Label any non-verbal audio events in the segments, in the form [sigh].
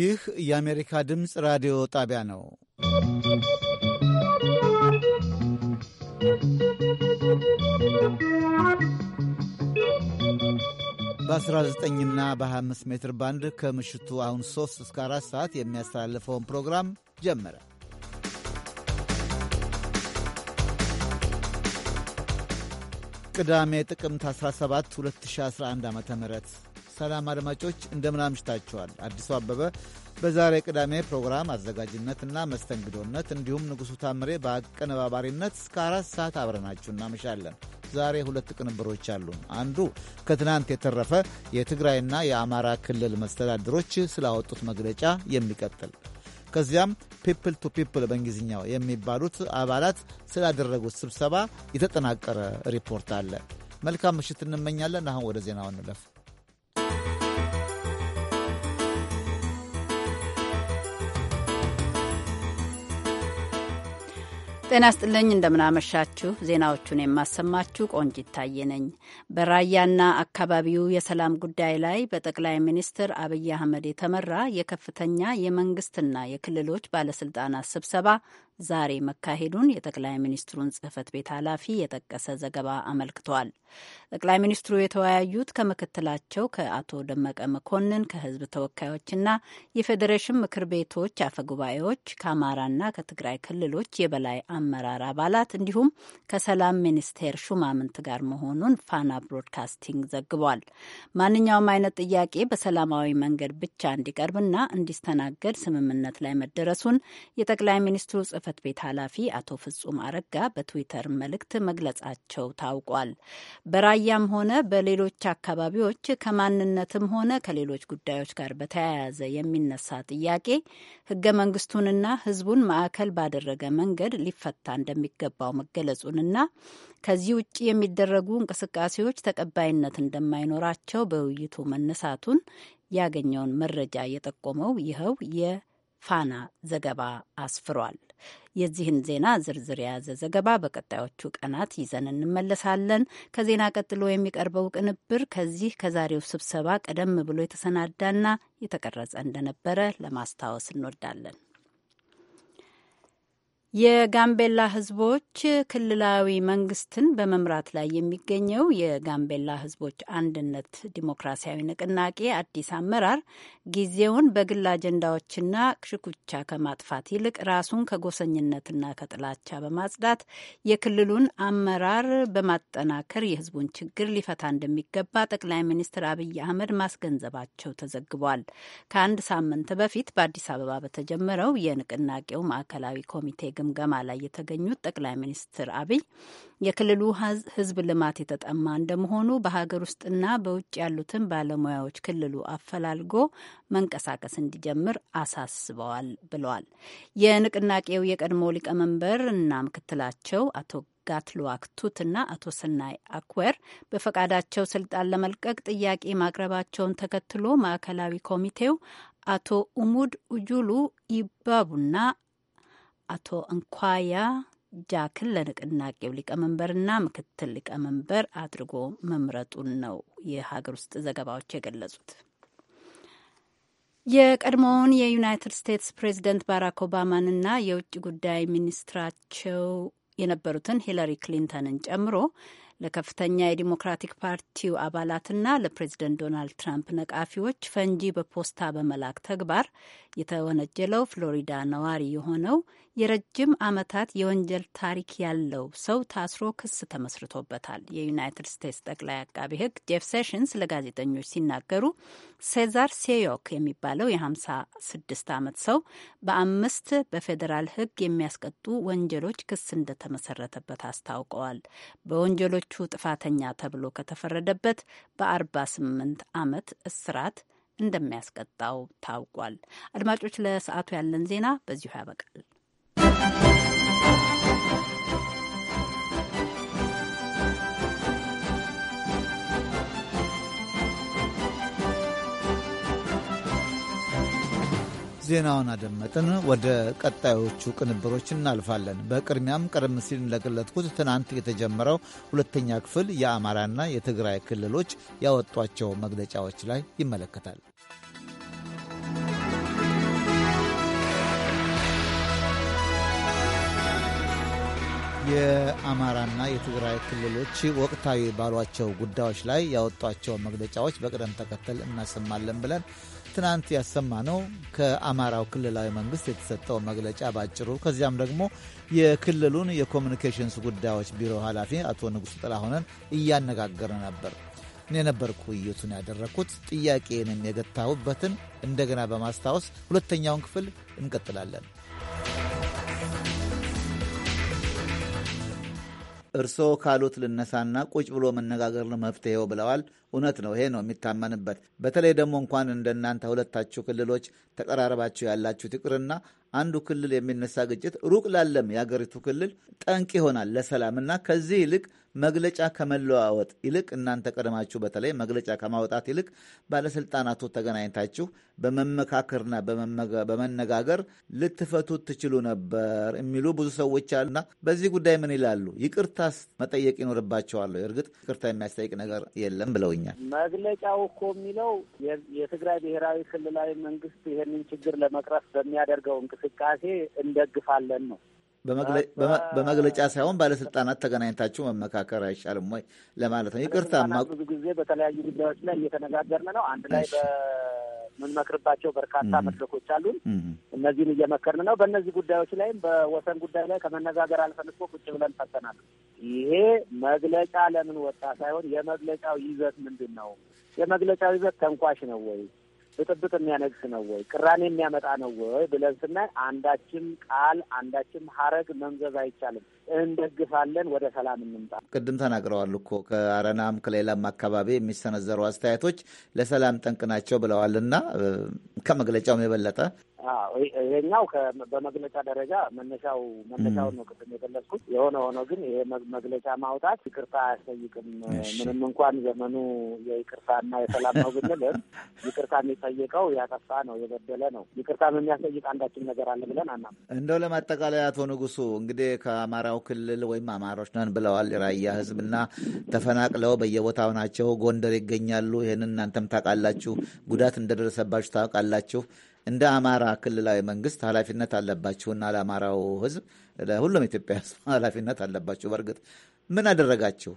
ይህ የአሜሪካ ድምፅ ራዲዮ ጣቢያ ነው። በ19ና በ25 ሜትር ባንድ ከምሽቱ አሁን 3 እስከ 4 ሰዓት የሚያስተላልፈውን ፕሮግራም ጀመረ። ቅዳሜ ጥቅምት 17 2011 ዓ ም ሰላም አድማጮች፣ እንደምን አምሽታችኋል? አዲሱ አበበ በዛሬ ቅዳሜ ፕሮግራም አዘጋጅነትና መስተንግዶነት እንዲሁም ንጉሡ ታምሬ በአቀነባባሪነት እስከ አራት ሰዓት አብረናችሁ እናመሻለን። ዛሬ ሁለት ቅንብሮች አሉ። አንዱ ከትናንት የተረፈ የትግራይና የአማራ ክልል መስተዳድሮች ስላወጡት መግለጫ የሚቀጥል ከዚያም ፒፕል ቱ ፒፕል በእንግሊዝኛው የሚባሉት አባላት ስላደረጉት ስብሰባ የተጠናቀረ ሪፖርት አለ። መልካም ምሽት እንመኛለን። አሁን ወደ ዜናው እንለፍ። ጤና ስጥልኝ እንደምናመሻችሁ። ዜናዎቹን የማሰማችሁ ቆንጅ ይታየ። ነኝ። በራያና አካባቢው የሰላም ጉዳይ ላይ በጠቅላይ ሚኒስትር አብይ አህመድ የተመራ የከፍተኛ የመንግስትና የክልሎች ባለስልጣናት ስብሰባ ዛሬ መካሄዱን የጠቅላይ ሚኒስትሩን ጽህፈት ቤት ኃላፊ የጠቀሰ ዘገባ አመልክቷል። ጠቅላይ ሚኒስትሩ የተወያዩት ከምክትላቸው ከአቶ ደመቀ መኮንን፣ ከህዝብ ተወካዮችና የፌዴሬሽን ምክር ቤቶች አፈጉባኤዎች፣ ከአማራና ከትግራይ ክልሎች የበላይ አመራር አባላት እንዲሁም ከሰላም ሚኒስቴር ሹማምንት ጋር መሆኑን ፋና ብሮድካስቲንግ ዘግቧል። ማንኛውም አይነት ጥያቄ በሰላማዊ መንገድ ብቻ እንዲቀርብና እንዲስተናገድ ስምምነት ላይ መደረሱን የጠቅላይ ሚኒስትሩ ጽህፈት ጽህፈት ቤት ኃላፊ አቶ ፍጹም አረጋ በትዊተር መልእክት መግለጻቸው ታውቋል። በራያም ሆነ በሌሎች አካባቢዎች ከማንነትም ሆነ ከሌሎች ጉዳዮች ጋር በተያያዘ የሚነሳ ጥያቄ ህገ መንግስቱንና ህዝቡን ማዕከል ባደረገ መንገድ ሊፈታ እንደሚገባው መገለጹንና ከዚህ ውጭ የሚደረጉ እንቅስቃሴዎች ተቀባይነት እንደማይኖራቸው በውይይቱ መነሳቱን ያገኘውን መረጃ የጠቆመው ይኸው የ ፋና ዘገባ አስፍሯል። የዚህን ዜና ዝርዝር የያዘ ዘገባ በቀጣዮቹ ቀናት ይዘን እንመለሳለን። ከዜና ቀጥሎ የሚቀርበው ቅንብር ከዚህ ከዛሬው ስብሰባ ቀደም ብሎ የተሰናዳና የተቀረጸ እንደነበረ ለማስታወስ እንወዳለን። የጋምቤላ ህዝቦች ክልላዊ መንግስትን በመምራት ላይ የሚገኘው የጋምቤላ ህዝቦች አንድነት ዲሞክራሲያዊ ንቅናቄ አዲስ አመራር ጊዜውን በግል አጀንዳዎችና ሽኩቻ ከማጥፋት ይልቅ ራሱን ከጎሰኝነትና ከጥላቻ በማጽዳት የክልሉን አመራር በማጠናከር የህዝቡን ችግር ሊፈታ እንደሚገባ ጠቅላይ ሚኒስትር አብይ አህመድ ማስገንዘባቸው ተዘግቧል። ከአንድ ሳምንት በፊት በአዲስ አበባ በተጀመረው የንቅናቄው ማዕከላዊ ኮሚቴ ግምገማ ላይ የተገኙት ጠቅላይ ሚኒስትር አብይ የክልሉ ሕዝብ ልማት የተጠማ እንደመሆኑ በሀገር ውስጥና በውጭ ያሉትን ባለሙያዎች ክልሉ አፈላልጎ መንቀሳቀስ እንዲጀምር አሳስበዋል ብለዋል። የንቅናቄው የቀድሞ ሊቀመንበር እና ምክትላቸው አቶ አክቱት ቱትና አቶ ስናይ አክዌር በፈቃዳቸው ስልጣን ለመልቀቅ ጥያቄ ማቅረባቸውን ተከትሎ ማዕከላዊ ኮሚቴው አቶ ኡሙድ ኡጁሉ ኢባቡና አቶ እንኳያ ጃክን ለንቅናቄው ሊቀመንበርና ምክትል ሊቀመንበር አድርጎ መምረጡን ነው የሀገር ውስጥ ዘገባዎች የገለጹት። የቀድሞውን የዩናይትድ ስቴትስ ፕሬዚደንት ባራክ ኦባማንና የውጭ ጉዳይ ሚኒስትራቸው የነበሩትን ሂለሪ ክሊንተንን ጨምሮ ለከፍተኛ የዲሞክራቲክ ፓርቲው አባላትና ለፕሬዚደንት ዶናልድ ትራምፕ ነቃፊዎች ፈንጂ በፖስታ በመላክ ተግባር የተወነጀለው ፍሎሪዳ ነዋሪ የሆነው የረጅም ዓመታት የወንጀል ታሪክ ያለው ሰው ታስሮ ክስ ተመስርቶበታል። የዩናይትድ ስቴትስ ጠቅላይ አቃቢ ሕግ ጄፍ ሴሽንስ ለጋዜጠኞች ሲናገሩ ሴዛር ሴዮክ የሚባለው የ56 ዓመት ሰው በአምስት በፌዴራል ሕግ የሚያስቀጡ ወንጀሎች ክስ እንደተመሰረተበት አስታውቀዋል። በወንጀሎቹ ጥፋተኛ ተብሎ ከተፈረደበት በ48 ዓመት እስራት እንደሚያስቀጣው ታውቋል። አድማጮች፣ ለሰዓቱ ያለን ዜና በዚሁ ያበቃል። ዜናውን አደመጥን። ወደ ቀጣዮቹ ቅንብሮች እናልፋለን። በቅድሚያም ቀደም ሲል እንደገለጥኩት ትናንት የተጀመረው ሁለተኛ ክፍል የአማራና የትግራይ ክልሎች ያወጧቸው መግለጫዎች ላይ ይመለከታል። የአማራና የትግራይ ክልሎች ወቅታዊ ባሏቸው ጉዳዮች ላይ ያወጧቸው መግለጫዎች በቅደም ተከተል እናሰማለን ብለን ትናንት ያሰማ ነው ከአማራው ክልላዊ መንግስት የተሰጠውን መግለጫ ባጭሩ፣ ከዚያም ደግሞ የክልሉን የኮሚኒኬሽንስ ጉዳዮች ቢሮ ኃላፊ አቶ ንጉሥ ጥላሁንን እያነጋገረ ነበር። እኔ ነበርኩ ውይይቱን ያደረግኩት። ጥያቄንም የገታሁበትን እንደገና በማስታወስ ሁለተኛውን ክፍል እንቀጥላለን። እርስዎ ካሉት ልነሳና ቁጭ ብሎ መነጋገር ነው መፍትሄው ብለዋል። እውነት ነው፣ ይሄ ነው የሚታመንበት። በተለይ ደግሞ እንኳን እንደናንተ ሁለታችሁ ክልሎች ተቀራረባችሁ ያላችሁ ትቅርና አንዱ ክልል የሚነሳ ግጭት ሩቅ ላለም የአገሪቱ ክልል ጠንቅ ይሆናል ለሰላም እና ከዚህ ይልቅ መግለጫ ከመለዋወጥ ይልቅ እናንተ ቀደማችሁ በተለይ መግለጫ ከማውጣት ይልቅ ባለስልጣናቱ ተገናኝታችሁ በመመካከርና በመነጋገር ልትፈቱት ትችሉ ነበር የሚሉ ብዙ ሰዎች አሉና በዚህ ጉዳይ ምን ይላሉ? ይቅርታስ መጠየቅ ይኖርባቸዋል? እርግጥ ይቅርታ የሚያስጠይቅ ነገር የለም ብለውኛል። መግለጫው እኮ የሚለው የትግራይ ብሔራዊ ክልላዊ መንግስት ይህንን ችግር ለመቅረፍ በሚያደርገው እንቅስቃሴ እንደግፋለን ነው በመግለጫ ሳይሆን ባለስልጣናት ተገናኝታችሁ መመካከር አይሻልም ወይ ለማለት ነው። ይቅርታ ብዙ ጊዜ በተለያዩ ጉዳዮች ላይ እየተነጋገርን ነው። አንድ ላይ በምንመክርባቸው በርካታ መድረኮች አሉን። እነዚህን እየመከርን ነው። በእነዚህ ጉዳዮች ላይም በወሰን ጉዳይ ላይ ከመነጋገር አልፈን እኮ ቁጭ ብለን ፈተናል። ይሄ መግለጫ ለምን ወጣ ሳይሆን የመግለጫው ይዘት ምንድን ነው? የመግለጫው ይዘት ተንኳሽ ነው ወይ ብጥብጥ የሚያነግስ ነው ወይ ቅራኔ የሚያመጣ ነው ወይ ብለን ስናይ አንዳችም ቃል አንዳችም ሀረግ መምዘዝ አይቻልም። እንደግፋለን፣ ወደ ሰላም እንምጣ። ቅድም ተናግረዋል እኮ ከአረናም ከሌላም አካባቢ የሚሰነዘሩ አስተያየቶች ለሰላም ጠንቅ ናቸው ብለዋልና ከመግለጫውም የበለጠ ይሄኛው በመግለጫ ደረጃ መነሻው መነሻውን ነው ቅድም የገለጽኩት። የሆነ ሆኖ ግን ይሄ መግለጫ ማውጣት ይቅርታ አያስጠይቅም። ምንም እንኳን ዘመኑ የይቅርታና የሰላም ነው ብንልም ይቅርታ የሚጠይቀው ያጠፋ ነው፣ የበደለ ነው። ይቅርታ የሚያስጠይቅ አንዳችን ነገር አለ ብለን አናም። እንደው ለማጠቃለያ አቶ ንጉሱ እንግዲህ ከአማራው ክልል ወይም አማሮች ነን ብለዋል። ራያ ህዝብና ተፈናቅለው በየቦታው ናቸው፣ ጎንደር ይገኛሉ። ይህንን እናንተም ታውቃላችሁ፣ ጉዳት እንደደረሰባችሁ ታውቃላችሁ። እንደ አማራ ክልላዊ መንግስት ኃላፊነት አለባችሁና ለአማራው ህዝብ፣ ለሁሉም ኢትዮጵያ ህዝብ [laughs] ኃላፊነት አለባችሁ። በእርግጥ ምን አደረጋችሁ?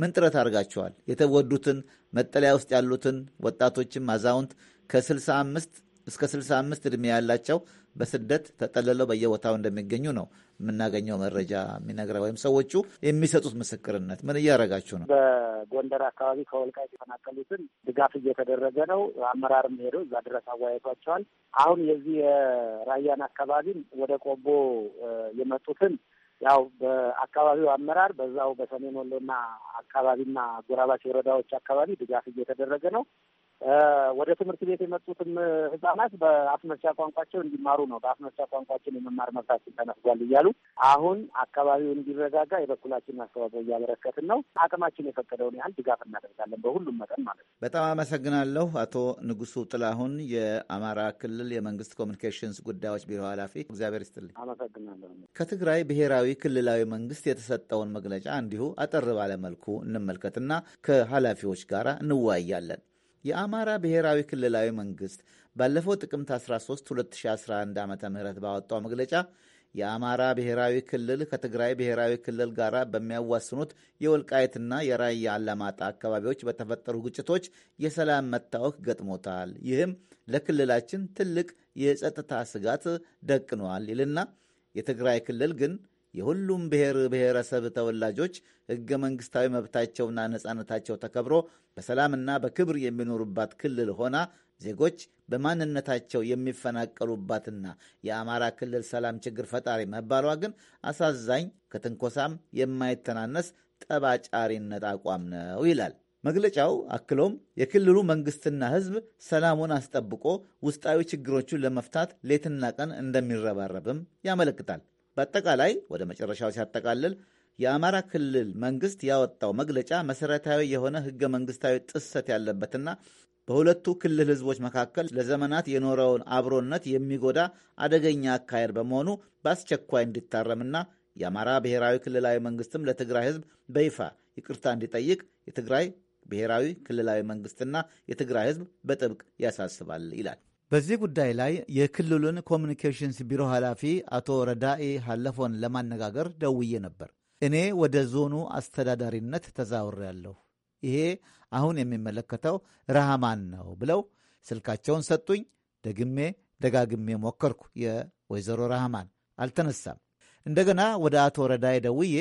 ምን ጥረት አድርጋችኋል? የተወዱትን መጠለያ ውስጥ ያሉትን ወጣቶችም አዛውንት ከ65 እስከ 65 ዕድሜ ያላቸው በስደት ተጠልለው በየቦታው እንደሚገኙ ነው የምናገኘው መረጃ የሚነግረ ወይም ሰዎቹ የሚሰጡት ምስክርነት። ምን እያደረጋችሁ ነው? በጎንደር አካባቢ ከወልቃይት የተፈናቀሉትን ድጋፍ እየተደረገ ነው። አመራርም ሄደው እዛ ድረስ አወያይቷቸዋል። አሁን የዚህ የራያን አካባቢም ወደ ቆቦ የመጡትን ያው በአካባቢው አመራር በዛው በሰሜን ወሎና አካባቢና ጎራባች ወረዳዎች አካባቢ ድጋፍ እየተደረገ ነው። ወደ ትምህርት ቤት የመጡትም ህጻናት በአፍ ቋንቋቸው እንዲማሩ ነው። በአፍ መፍቻ ቋንቋችን የመማር መብታችን ተነስጓል እያሉ አሁን አካባቢው እንዲረጋጋ የበኩላችንን አስተዋጽኦ እያበረከትን ነው። አቅማችን የፈቀደውን ያህል ድጋፍ እናደርጋለን፣ በሁሉም መጠን ማለት ነው። በጣም አመሰግናለሁ። አቶ ንጉሱ ጥላሁን የአማራ ክልል የመንግስት ኮሚኒኬሽንስ ጉዳዮች ቢሮ ኃላፊ፣ እግዚአብሔር ይስጥልኝ። አመሰግናለሁ። ከትግራይ ብሔራዊ ክልላዊ መንግስት የተሰጠውን መግለጫ እንዲሁ አጠር ባለመልኩ እንመልከትና ከኃላፊዎች ጋር እንወያያለን። የአማራ ብሔራዊ ክልላዊ መንግስት ባለፈው ጥቅምት 13 2011 ዓ ም ባወጣው መግለጫ የአማራ ብሔራዊ ክልል ከትግራይ ብሔራዊ ክልል ጋር በሚያዋስኑት የወልቃየትና የራያ አላማጣ አካባቢዎች በተፈጠሩ ግጭቶች የሰላም መታወክ ገጥሞታል፣ ይህም ለክልላችን ትልቅ የጸጥታ ስጋት ደቅኗል ይልና የትግራይ ክልል ግን የሁሉም ብሔር ብሔረሰብ ተወላጆች ሕገ መንግሥታዊ መብታቸውና ነፃነታቸው ተከብሮ በሰላምና በክብር የሚኖሩባት ክልል ሆና ዜጎች በማንነታቸው የሚፈናቀሉባትና የአማራ ክልል ሰላም ችግር ፈጣሪ መባሏ ግን አሳዛኝ፣ ከትንኮሳም የማይተናነስ ጠባጫሪነት አቋም ነው ይላል መግለጫው። አክሎም የክልሉ መንግስትና ህዝብ ሰላሙን አስጠብቆ ውስጣዊ ችግሮቹን ለመፍታት ሌትና ቀን እንደሚረባረብም ያመለክታል። በአጠቃላይ ወደ መጨረሻው ሲያጠቃልል የአማራ ክልል መንግስት ያወጣው መግለጫ መሰረታዊ የሆነ ህገ መንግስታዊ ጥሰት ያለበትና በሁለቱ ክልል ህዝቦች መካከል ለዘመናት የኖረውን አብሮነት የሚጎዳ አደገኛ አካሄድ በመሆኑ በአስቸኳይ እንዲታረምና የአማራ ብሔራዊ ክልላዊ መንግስትም ለትግራይ ህዝብ በይፋ ይቅርታ እንዲጠይቅ የትግራይ ብሔራዊ ክልላዊ መንግስትና የትግራይ ህዝብ በጥብቅ ያሳስባል ይላል። በዚህ ጉዳይ ላይ የክልሉን ኮሚኒኬሽንስ ቢሮ ኃላፊ አቶ ረዳኢ ሀለፎን ለማነጋገር ደውዬ ነበር። እኔ ወደ ዞኑ አስተዳዳሪነት ተዛውሬያለሁ፣ ይሄ አሁን የሚመለከተው ረሃማን ነው ብለው ስልካቸውን ሰጡኝ። ደግሜ ደጋግሜ ሞከርኩ። የወይዘሮ ረሃማን አልተነሳም። እንደገና ወደ አቶ ረዳኢ ደውዬ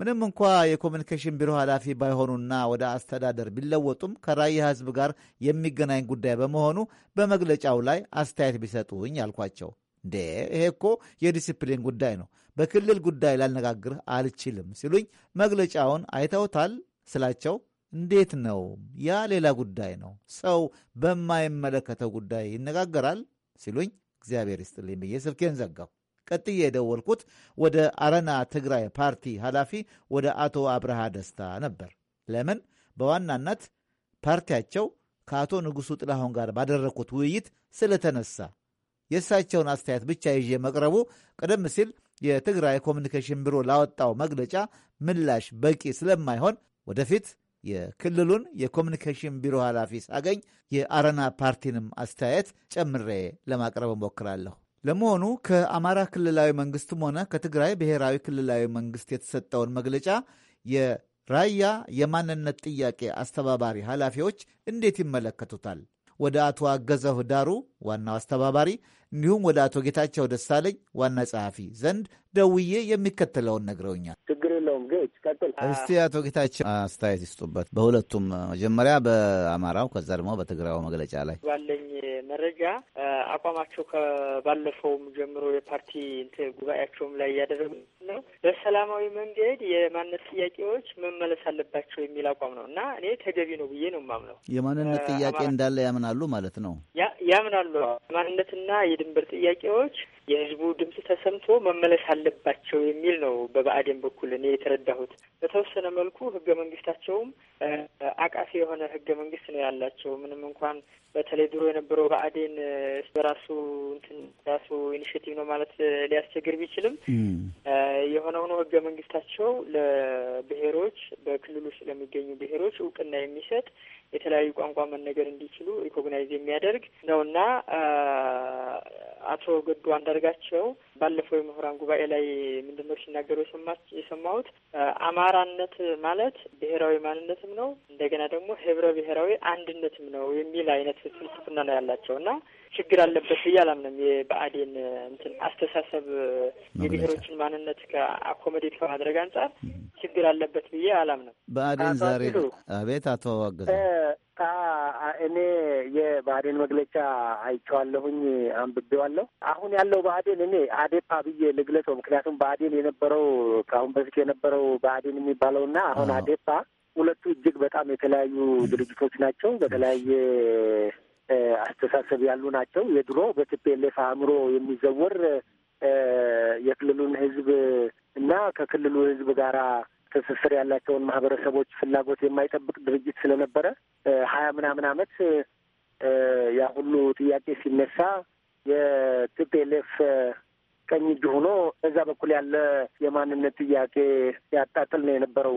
ምንም እንኳ የኮሚኒኬሽን ቢሮ ኃላፊ ባይሆኑና ወደ አስተዳደር ቢለወጡም ከራያ ሕዝብ ጋር የሚገናኝ ጉዳይ በመሆኑ በመግለጫው ላይ አስተያየት ቢሰጡኝ አልኳቸው። እንዴ ይሄ እኮ የዲሲፕሊን ጉዳይ ነው፣ በክልል ጉዳይ ላልነጋግርህ አልችልም ሲሉኝ መግለጫውን አይተውታል ስላቸው እንዴት ነው ያ ሌላ ጉዳይ ነው፣ ሰው በማይመለከተው ጉዳይ ይነጋገራል ሲሉኝ እግዚአብሔር ይስጥልኝ ብዬ ስልኬን ዘጋሁ። ቀጥዬ የደወልኩት ወደ አረና ትግራይ ፓርቲ ኃላፊ ወደ አቶ አብርሃ ደስታ ነበር። ለምን? በዋናነት ፓርቲያቸው ከአቶ ንጉሡ ጥላሁን ጋር ባደረግኩት ውይይት ስለተነሳ የእሳቸውን አስተያየት ብቻ ይዤ መቅረቡ ቀደም ሲል የትግራይ ኮሚኒኬሽን ቢሮ ላወጣው መግለጫ ምላሽ በቂ ስለማይሆን ወደፊት የክልሉን የኮሚኒኬሽን ቢሮ ኃላፊ ሳገኝ የአረና ፓርቲንም አስተያየት ጨምሬ ለማቅረብ እሞክራለሁ። ለመሆኑ ከአማራ ክልላዊ መንግስትም ሆነ ከትግራይ ብሔራዊ ክልላዊ መንግስት የተሰጠውን መግለጫ የራያ የማንነት ጥያቄ አስተባባሪ ኃላፊዎች እንዴት ይመለከቱታል? ወደ አቶ አገዘው ዳሩ ዋናው አስተባባሪ እንዲሁም ወደ አቶ ጌታቸው ደሳለኝ ዋና ጸሐፊ ዘንድ ደውዬ የሚከተለውን ነግረውኛል። ችግር የለውም ግን ቀጥል እስቲ። አቶ ጌታቸው አስተያየት ይስጡበት በሁለቱም መጀመሪያ በአማራው ከዛ ደግሞ በትግራዩ መግለጫ ላይ ባለኝ መረጃ አቋማቸው ከባለፈውም ጀምሮ የፓርቲ እንትን ጉባኤያቸውም ላይ እያደረጉ ነው። በሰላማዊ መንገድ የማንነት ጥያቄዎች መመለስ አለባቸው የሚል አቋም ነው እና እኔ ተገቢ ነው ብዬ ነው የማምነው። የማንነት ጥያቄ እንዳለ ያምናሉ ማለት ነው። ያምናሉ ማንነትና የድንበር ጥያቄዎች የህዝቡ ድምፅ ተሰምቶ መመለስ አለባቸው የሚል ነው በብአዴን በኩል እኔ የተረዳሁት። በተወሰነ መልኩ ህገ መንግስታቸውም አቃፊ የሆነ ህገ መንግስት ነው ያላቸው። ምንም እንኳን በተለይ ድሮ የነበረው ብአዴን በራሱ እንትን ራሱ ኢኒሽቲቭ ነው ማለት ሊያስቸግር ቢችልም የሆነ ሆኖ ህገ መንግስታቸው ለብሔሮች በክልሎች ለሚገኙ ብሔሮች እውቅና የሚሰጥ የተለያዩ ቋንቋ መነገር እንዲችሉ ሪኮግናይዝ የሚያደርግ ነው እና አቶ ገዱ አንዳርጋቸው ባለፈው የምሁራን ጉባኤ ላይ ምንድን ነው ሲናገሩ የሰማሁት አማራነት ማለት ብሔራዊ ማንነትም ነው እንደገና ደግሞ ህብረ ብሔራዊ አንድነትም ነው የሚል አይነት ፍልስፍና ነው ያላቸው እና ችግር አለበት ብዬ አላምንም። የብአዴን እንትን አስተሳሰብ የብሔሮችን ማንነት ከአኮመዴት ከማድረግ አንጻር ችግር አለበት ብዬ አላምንም። ብአዴን ዛሬ አቤት፣ አቶ አገዘ እኔ የብአዴን መግለጫ አይቼዋለሁኝ፣ አንብቤዋለሁ። አሁን ያለው ብአዴን እኔ አዴፓ ብዬ ልግለጸው። ምክንያቱም ብአዴን የነበረው ከአሁን በፊት የነበረው ብአዴን የሚባለውና አሁን አዴፓ ሁለቱ እጅግ በጣም የተለያዩ ድርጅቶች ናቸው። በተለያየ አስተሳሰብ ያሉ ናቸው። የድሮ በቲፒኤልኤፍ አእምሮ የሚዘወር የክልሉን ህዝብ እና ከክልሉ ህዝብ ጋር ትስስር ያላቸውን ማህበረሰቦች ፍላጎት የማይጠብቅ ድርጅት ስለነበረ ሀያ ምናምን ዓመት ያ ሁሉ ጥያቄ ሲነሳ የቲፒኤልኤፍ ቀኝ እጅ ሆኖ እዛ በኩል ያለ የማንነት ጥያቄ ያጣጥል ነው የነበረው።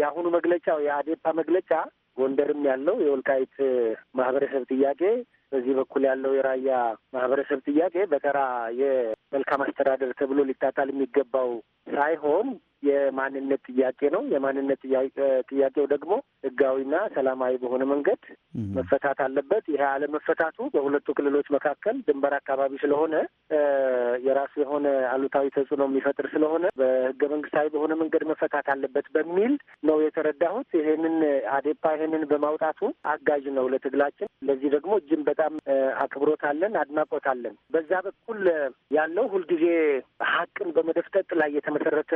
የአሁኑ መግለጫው የአዴፓ መግለጫ ጎንደርም ያለው የወልቃይት ማህበረሰብ ጥያቄ በዚህ በኩል ያለው የራያ ማህበረሰብ ጥያቄ በተራ የመልካም አስተዳደር ተብሎ ሊጣጣል የሚገባው ሳይሆን የማንነት ጥያቄ ነው። የማንነት ጥያቄው ደግሞ ህጋዊና ሰላማዊ በሆነ መንገድ መፈታት አለበት። ይሄ አለመፈታቱ በሁለቱ ክልሎች መካከል ድንበር አካባቢ ስለሆነ የራሱ የሆነ አሉታዊ ተጽዕኖ የሚፈጥር ስለሆነ በህገ መንግስታዊ በሆነ መንገድ መፈታት አለበት በሚል ነው የተረዳሁት። ይሄንን አዴፓ ይሄንን በማውጣቱ አጋዥ ነው ለትግላችን። ለዚህ ደግሞ እጅም በጣም አክብሮት አለን፣ አድናቆት አለን። በዛ በኩል ያለው ሁልጊዜ ሀቅን በመደፍጠጥ ላይ የተመሰረተ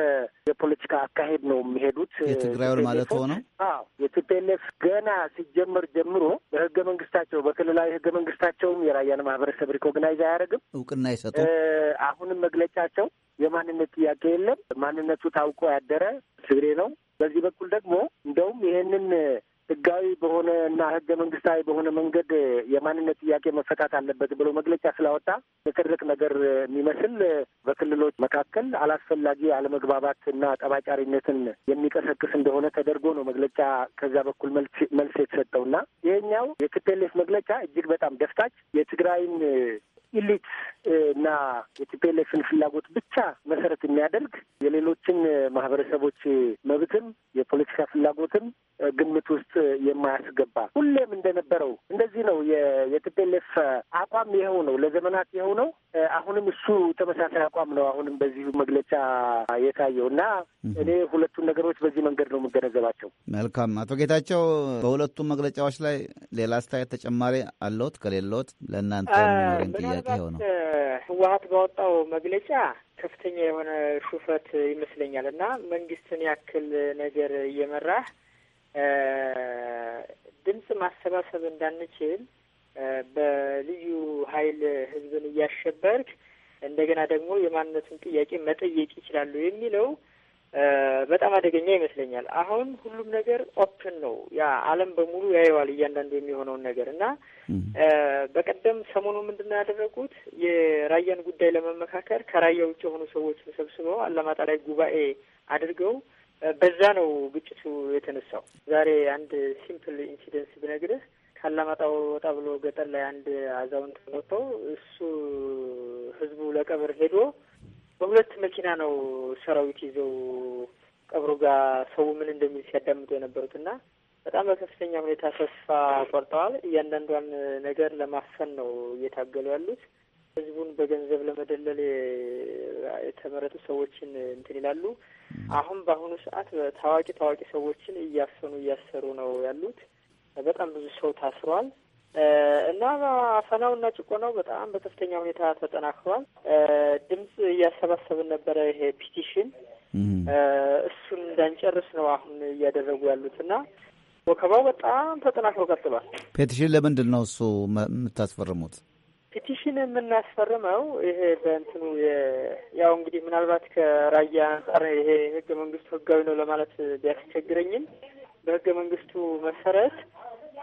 የፖለቲካ አካሄድ ነው የሚሄዱት። የትግራዩን ማለት ሆነ። አዎ የቲፒኤልኤፍ ገና ሲጀመር ጀምሮ በህገ መንግስታቸው በክልላዊ ህገ መንግስታቸውም የራያን ማህበረሰብ ሪኮግናይዝ አያደርግም፣ እውቅና አይሰጡም። አሁንም መግለጫቸው የማንነት ጥያቄ የለም፣ ማንነቱ ታውቆ ያደረ ትግሬ ነው። በዚህ በኩል ደግሞ እንደውም ይሄንን ህጋዊ በሆነ እና ህገ መንግስታዊ በሆነ መንገድ የማንነት ጥያቄ መፈታት አለበት ብሎ መግለጫ ስላወጣ ትርቅ ነገር የሚመስል በክልሎች መካከል አላስፈላጊ አለመግባባት እና ጠባጫሪነትን የሚቀሰቅስ እንደሆነ ተደርጎ ነው መግለጫ ከዛ በኩል መልስ የተሰጠው እና ይህኛው የቲፒኤልኤፍ መግለጫ እጅግ በጣም ደፍታች የትግራይን ኢሊት እና የቲፒኤልኤፍን ፍላጎት ብቻ መሰረት የሚያደርግ የሌሎችን ማህበረሰቦች መብትም የፖለቲካ ፍላጎትም ግምት ውስጥ የማያስገባ ሁሌም እንደነበረው እንደዚህ ነው። የቲፒኤልኤፍ አቋም ይኸው ነው፣ ለዘመናት ይኸው ነው። አሁንም እሱ ተመሳሳይ አቋም ነው አሁንም በዚሁ መግለጫ የታየው እና እኔ ሁለቱን ነገሮች በዚህ መንገድ ነው የምገነዘባቸው። መልካም አቶ ጌታቸው፣ በሁለቱም መግለጫዎች ላይ ሌላ አስተያየት ተጨማሪ አለውት ከሌለውት ለእናንተ የሚኖረኝ ጥያቄ ይኸው ነው። ህወሀት ባወጣው መግለጫ ከፍተኛ የሆነ ሹፈት ይመስለኛል እና መንግስትን ያክል ነገር እየመራህ ድምፅ ማሰባሰብ እንዳንችል በልዩ ኃይል ህዝብን እያሸበርክ እንደገና ደግሞ የማንነቱን ጥያቄ መጠየቅ ይችላሉ የሚለው በጣም አደገኛ ይመስለኛል። አሁን ሁሉም ነገር ኦፕን ነው። ያ ዓለም በሙሉ ያየዋል እያንዳንዱ የሚሆነውን ነገር እና በቀደም ሰሞኑ ምንድን ነው ያደረጉት የራያን ጉዳይ ለመመካከር ከራያ ውጭ የሆኑ ሰዎች ሰብስበው አላማጣ ላይ ጉባኤ አድርገው በዛ ነው ግጭቱ የተነሳው። ዛሬ አንድ ሲምፕል ኢንሲደንስ ብነግርህ ካላማጣ ወጣ ብሎ ገጠር ላይ አንድ አዛውንት ወጥተው እሱ ህዝቡ ለቀብር ሄዶ በሁለት መኪና ነው ሰራዊት ይዘው ቀብሩ ጋር ሰው ምን እንደሚል ሲያዳምጡ የነበሩት እና በጣም በከፍተኛ ሁኔታ ተስፋ ቆርጠዋል። እያንዳንዷን ነገር ለማፈን ነው እየታገሉ ያሉት። ህዝቡን በገንዘብ ለመደለል የተመረጡ ሰዎችን እንትን ይላሉ። አሁን በአሁኑ ሰዓት ታዋቂ ታዋቂ ሰዎችን እያፈኑ እያሰሩ ነው ያሉት። በጣም ብዙ ሰው ታስሯል። እና አፈናው እና ጭቆናው በጣም በከፍተኛ ሁኔታ ተጠናክሯል። ድምፅ እያሰባሰብን ነበረ። ይሄ ፒቲሽን እሱን እንዳንጨርስ ነው አሁን እያደረጉ ያሉት እና ወከባው በጣም ተጠናክሮ ቀጥሏል። ፔቲሽን ለምንድን ነው እሱ የምታስፈርሙት? ፒቲሽን የምናስፈርመው ይሄ በእንትኑ ያው እንግዲህ ምናልባት ከራያ አንጻር ይሄ ህገ መንግስቱ ህጋዊ ነው ለማለት ቢያስቸግረኝም በህገ መንግስቱ መሰረት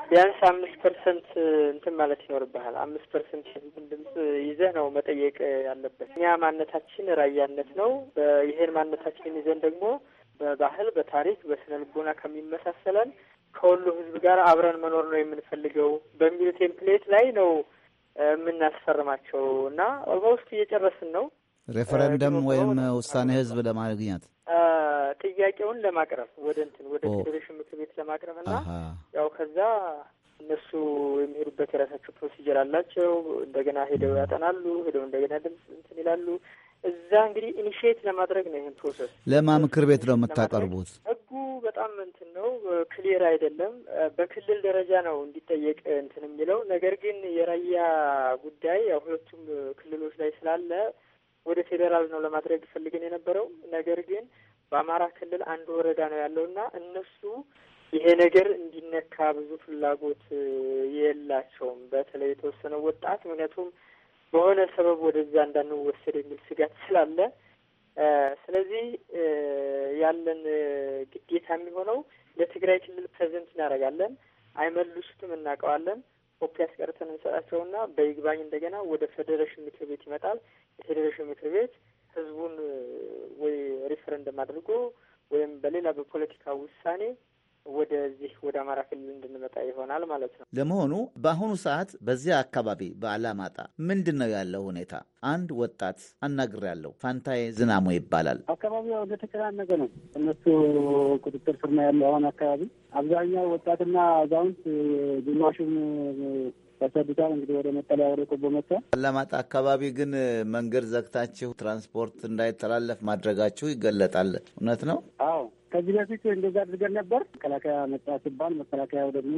ቢያንስ አምስት ፐርሰንት እንትን ማለት ይኖርብሃል። አምስት ፐርሰንት ድምፅ ይዘህ ነው መጠየቅ ያለበት። እኛ ማንነታችን ራያነት ነው። ይሄን ማንነታችንን ይዘን ደግሞ በባህል፣ በታሪክ፣ በስነ ልቦና ከሚመሳሰለን ከሁሉ ህዝብ ጋር አብረን መኖር ነው የምንፈልገው በሚል ቴምፕሌት ላይ ነው የምናስፈርማቸው እና ኦልሞስት እየጨረስን ነው። ሬፈረንደም ወይም ውሳኔ ህዝብ ለማግኘት ጥያቄውን ለማቅረብ ወደ እንትን ወደ ፌዴሬሽን ምክር ቤት ለማቅረብ እና ያው ከዛ እነሱ የሚሄዱበት የራሳቸው ፕሮሲጀር አላቸው። እንደገና ሄደው ያጠናሉ። ሄደው እንደገና ድምፅ እንትን ይላሉ። እዛ እንግዲህ ኢኒሽት ለማድረግ ነው ይህን ፕሮሰስ ለማ ምክር ቤት ነው የምታቀርቡት። ህጉ በጣም እንትን ነው፣ ክሊር አይደለም። በክልል ደረጃ ነው እንዲጠየቅ እንትን የሚለው ነገር ግን የራያ ጉዳይ ያው ሁለቱም ክልሎች ላይ ስላለ ወደ ፌዴራል ነው ለማድረግ ፈልገን የነበረው ነገር ግን በአማራ ክልል አንድ ወረዳ ነው ያለውና እነሱ ይሄ ነገር እንዲነካ ብዙ ፍላጎት የላቸውም። በተለይ የተወሰነው ወጣት ምክንያቱም በሆነ ሰበብ ወደዛ እንዳንወሰድ የሚል ስጋት ስላለ ስለዚህ ያለን ግዴታ የሚሆነው ለትግራይ ክልል ፕሬዘንት እናደርጋለን። አይመልሱትም፣ እናውቀዋለን። ኮፒ አስቀርተን እንሰጣቸውና በይግባኝ እንደገና ወደ ፌዴሬሽን ምክር ቤት ይመጣል። የፌዴሬሽን ምክር ቤት ህዝቡን ወይ ሪፈረንደም አድርጎ ወይም በሌላ በፖለቲካ ውሳኔ ወደዚህ ወደ አማራ ክልል እንድንመጣ ይሆናል ማለት ነው። ለመሆኑ በአሁኑ ሰዓት በዚያ አካባቢ በአላማጣ ምንድን ነው ያለው ሁኔታ? አንድ ወጣት አናግሬያለሁ። ፋንታዬ ዝናሙ ይባላል። አካባቢው ወደ ነው። እነሱ ቁጥጥር ስር ነው ያለው አሁን አካባቢ አብዛኛው ወጣትና አዛውንት ግማሹም ተሰዱታል። እንግዲህ ወደ መጠለያ ወደ ቆቦ መጥቷል። አላማጣ አካባቢ ግን መንገድ ዘግታችሁ ትራንስፖርት እንዳይተላለፍ ማድረጋችሁ ይገለጣል። እውነት ነው? አዎ ከዚህ በፊት እንደዛ አድርገን ነበር። መከላከያ መጣ ሲባል መከላከያው ደግሞ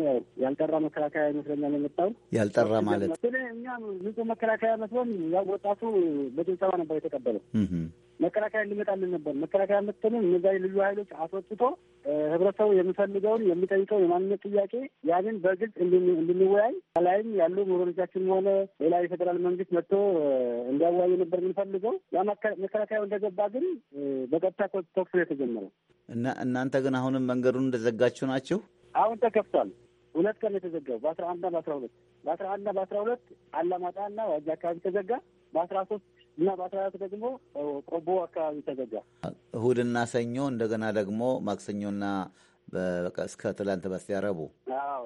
ያልጠራ መከላከያ ይመስለኛል የመጣው ያልጠራ ማለት እኛም ንጹህ መከላከያ መስሎን ያው ወጣቱ በጭብጨባ ነበር የተቀበለው። መከላከያ እንዲመጣልን ነበር። መከላከያ መጥተንም እነዛ የልዩ ኃይሎች አስወጥቶ ህብረተሰቡ የሚፈልገውን የሚጠይቀው የማንነት ጥያቄ ያንን በግልጽ እንድንወያይ ከላይም ያሉ ምሁሮቻችን ሆነ ሌላ የፌዴራል መንግስት መጥቶ እንዲያወያይ ነበር የምንፈልገው። ያ መከላከያው እንደገባ ግን በቀጥታ ተኩስ የተጀመረው እና እናንተ ግን አሁንም መንገዱን እንደዘጋችሁ ናችሁ? አሁን ተከፍቷል። ሁለት ቀን የተዘጋው በአስራ አንድና በአስራ ሁለት በአስራ አንድና በአስራ ሁለት አላማጣና ዋጅ አካባቢ ተዘጋ። በአስራ ሶስት እና በአስራ አራት ደግሞ ቆቦ አካባቢ ተዘጋ። እሁድና ሰኞ እንደገና ደግሞ ማክሰኞና እስከ ትላንት በስቲያ ረቡዕ